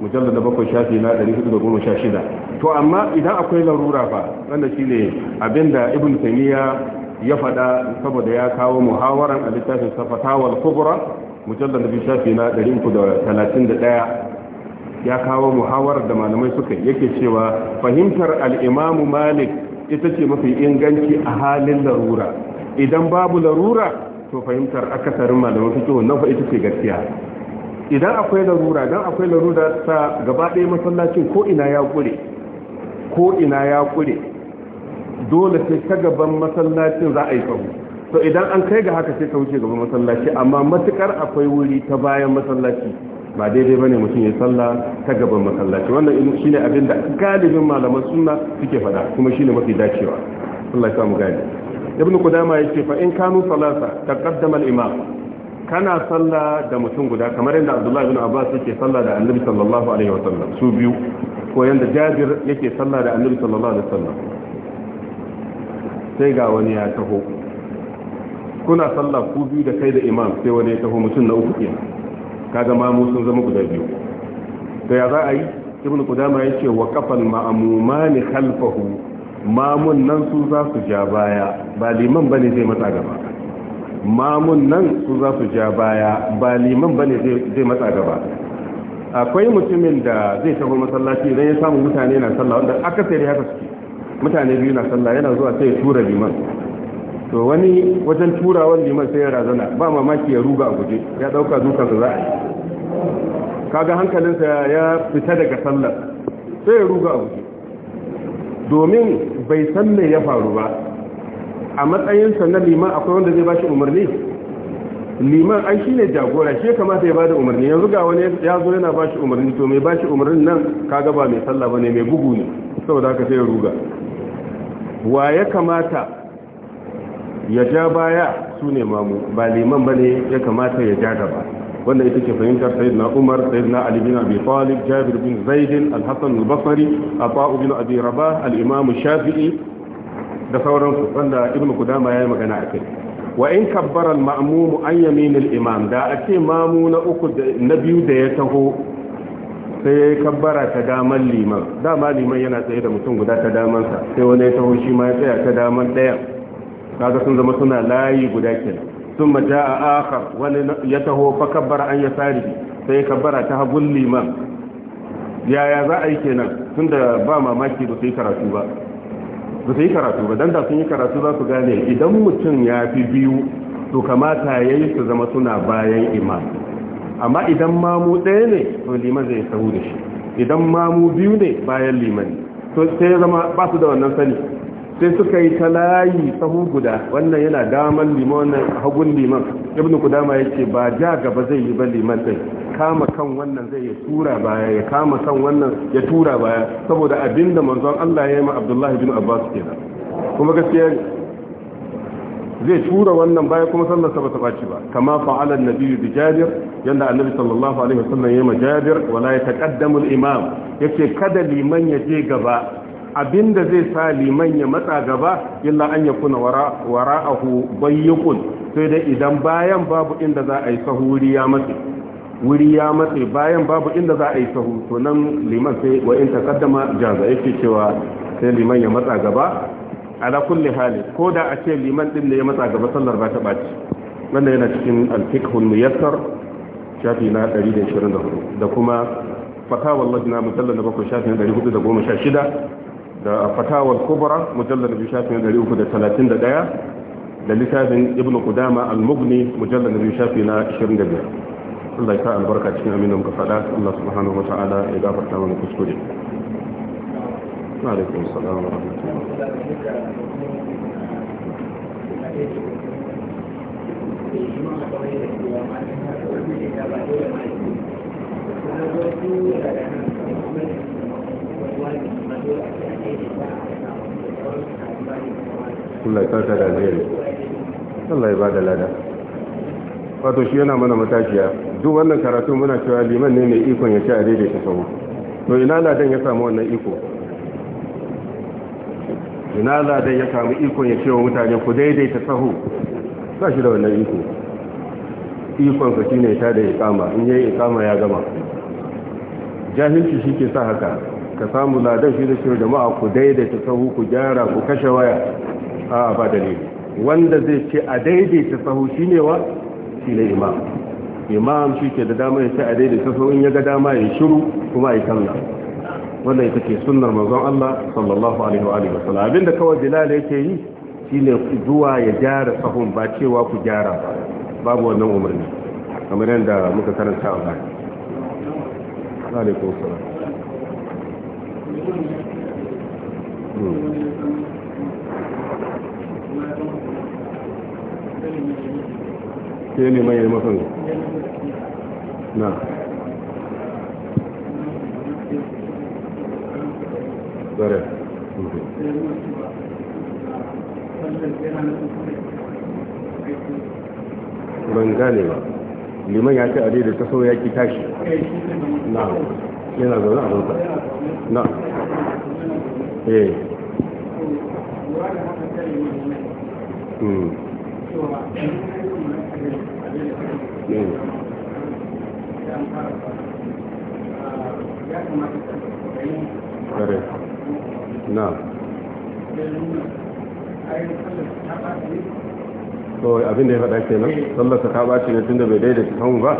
mujallar da bakwai shafi na 416 to amma idan akwai larura fa wannan shine abin da ibn taymiya ya faɗa saboda ya kawo muhawaran a littafin wal kubra mujallar da shafi na 331 ya kawo muhawarar da malamai suka yake cewa fahimtar al'imamu malik ita ce mafi inganci a halin larura idan babu larura to fahimtar akasarin malamai suke wannan fa ita ce gaskiya idan akwai larura dan akwai larura ta gaba ɗaya masallacin ko ina ya kure ko ina ya kure dole sai ta gaban masallacin za a yi sahu to idan an kai ga haka sai ka wuce gaban masallaci amma matukar akwai wuri ta bayan masallaci ba daidai bane mutum ya salla ta gaban masallaci wannan shine abin da galibin malaman sunna suke faɗa kuma shine mafi dacewa Allah ya samu gani ibn qudama yace fa in kanu salasa taqaddama al-imam kana salla da mutum guda kamar yadda Abdullah ibn Abbas yake salla da Annabi sallallahu alaihi wa sallam su biyu ko yanda Jabir yake salla da Annabi sallallahu alaihi wa sallam. sai ga wani ya taho kuna sallah ku biyu da kai da imam sai wani ya taho mutum na uku ka kaga mamu sun zama guda biyu da ya za a yi ibnu qudama yace wa qafal ma'mumani khalfahu mamun nan su za su ja baya ba liman bane zai matsa gaba mamun nan su za su ja baya ba liman bane zai matsa gaba akwai mutumin da zai taho masallaci idan ya samu mutane na sallah wanda aka sai haka suke mutane biyu na sallah yana zuwa sai ya tura liman to wani wajen turawan liman sai ya razana ba mamaki ya ruga a guje ya dauka dukansa za a yi kaga hankalinsa ya fita daga sallar sai ya ruga a guje domin bai san me ya faru ba a matsayinsa na liman akwai wanda zai ba shi umarni liman an shine jagora shi kamata ya bada umarni yanzu ga wani ya zo yana ba shi umarni to mai ba shi umarnin nan kaga ba mai sallah bane mai bugu ne saboda haka sai ya ruga wa ya kamata ya ja baya su ne mamu ba liman ba ne ya kamata ya ja gaba wanda ita ce fahimtar na umar sayyidina ali bin abi talib jabir bin zaidin Alhassan hasan al-basri ata'u bin abi shafi'i da sauransu wanda ibnu kudama ya yi magana akai wa in kabbara al-ma'mum an yamin al-imam da ake mamu na uku na biyu da ya taho sai ya yi kabbara ta daman liman dama liman yana tsaye da mutum guda ta damansa sai wani ya taho shi ma ya tsaya ta daman ɗayan kaga sun zama suna layi guda ke sun ma a aka wani ya taho fa kabbara an ya sari sai kabbara ta hagun liman yaya za a yi kenan da ba mamaki ba su yi karatu ba ba su karatu ba dan da sun yi karatu za su gane idan mutum ya fi biyu to kamata ya yi su zama suna bayan imam amma idan mamu ɗaya ne to liman zai sahu da shi idan mamu biyu ne bayan liman to sai zama ba su da wannan sani sai suka yi ta layi sahu guda wannan yana damar liman wannan hagun liman ibn kudama ya ce ba ja gaba zai yi ba liman ɗai kama kan wannan zai ya tura baya ya kama kan wannan ya tura baya saboda da manzon Allah ya yi ma Abdullahi bin Abbas kenan kuma gaskiya zai tura wannan baya kuma sannan sa bata baci ba kama fa'ala nabiyyu bi Jabir yanda annabi sallallahu alaihi wasallam yayi ma Jabir wala yataqaddamu al-imam yace kada liman ya je gaba abinda zai sa liman ya matsa gaba illa an yakuna wara wara'ahu bayyukun sai dai idan bayan babu inda za a yi sahuri ya matse wuri ya matse bayan babu inda za a yi sahu to nan liman sai wa in taqaddama jaza yake cewa sai liman ya matsa gaba ala kulli hali ko da a ce liman din ne ya matsa gaba sallar ba ta baci wannan yana cikin al-fiqhul muyassar shafi na 124 da kuma fatawa lajna mujallal na bakwai shafi na 416 da fatawa kubra mujallal na shafi na 331 da littafin ibn qudama al-mughni mujallal na shafi na 25 Allah ya sa albarka cikin amin da muka faɗa Allah subhanahu wa ta'ala ya gafarta mana kuskure السلام ورحمة الله Allah ya kauta da alheri Allah ya ba da lada wato shi yana mana matashiya duk wannan karatu muna cewa liman ne mai ikon ya ce a daidaita sauwa to ina ladan ya samu wannan iko ina ladan ya samu ikon ya ce wa mutane ku daidaita sahu ba shi da wannan iko ikon ka ne ta da ikama in yi ikama ya gama jahilci shi ke sa haka ka samu ladan shi da shi jama'a ku daidaita sahu ku gyara ku kashe waya a ba ne wanda zai ce a daidaita sahu ne wa Shi ne imam imam shi ke da dama ya ce a daidaita sahu in ya ga dama ya shiru kuma ya kalla wannan ita ke sunnar manzon Allah sallallahu alaihi wa alihi wasallam abinda kawai bilal yake yi shine zuwa ya gyara sahun ba cewa ku gyara ba babu wannan umarni kamar yadda muka karanta a baya alaikum salam sai hmm. ne mai masan na tsare ban gane ba liman ya ce a da ta sau yaki tashi na yana zaune a zuwa. na ya na abin da ya faɗa nan sallarsa ta ɓaci ne tunda bai daidaita kan ba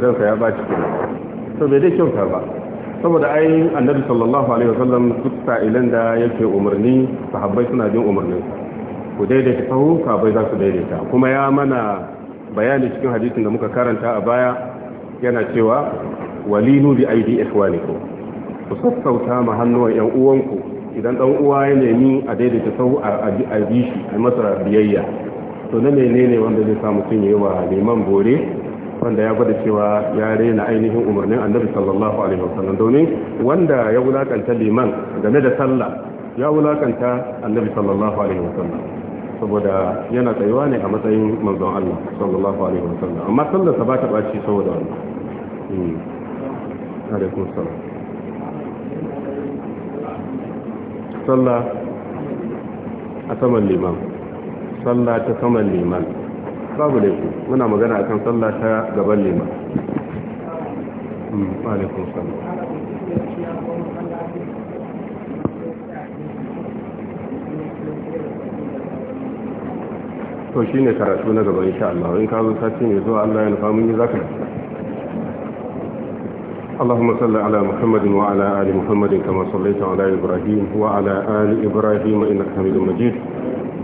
ransa ya ɓaci nan to bai dai kyauta ba saboda ai annabi sallallahu alaihi wasallam duk sa'ilan da yake umarni sahabbai suna jin umarnin ku daidaita sahu sahabbai za su daidaita kuma ya mana bayani cikin hadisin da muka karanta a baya yana cewa walinu bi aidi ihwanikum ku sassauta ma hannuwan yan uwanku idan dan uwa ya nemi a daidaita sau a bi shi a masa biyayya to na ne wanda zai sa mutum yi wa neman bore wanda ya gwada cewa ya rena ainihin umarnin annabi sallallahu alaihi wasallam domin wanda ya wulakanta liman game da sallah ya wulakanta annabi sallallahu alaihi wasallam saboda yana tsayuwa ne a matsayin manzon Allah sallallahu alaihi wasallam amma sallar sa ba ta ɓaci saboda wannan hmm. alaikum salam sallah a saman liman sallah ta saman liman babu laifi muna magana akan sallah ta gaban liman hmm, alaikun sallah to shi ne karatu na gaban insha Allah in ka zo sati ne zuwa Allah ya nufa mun yi zaka اللهم صل على محمد وعلى آل محمد كما صليت على إبراهيم وعلى آل إبراهيم إنك حميد مجيد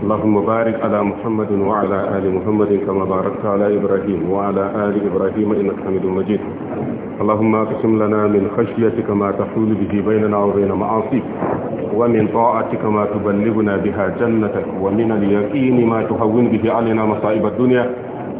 اللهم بارك على محمد وعلى آل محمد كما باركت على إبراهيم وعلى آل إبراهيم إنك حميد مجيد اللهم اقسم لنا من خشيتك ما تحول به بيننا وبين معاصيك ومن طاعتك ما تبلغنا بها جنتك ومن اليقين ما تهون به علينا مصائب الدنيا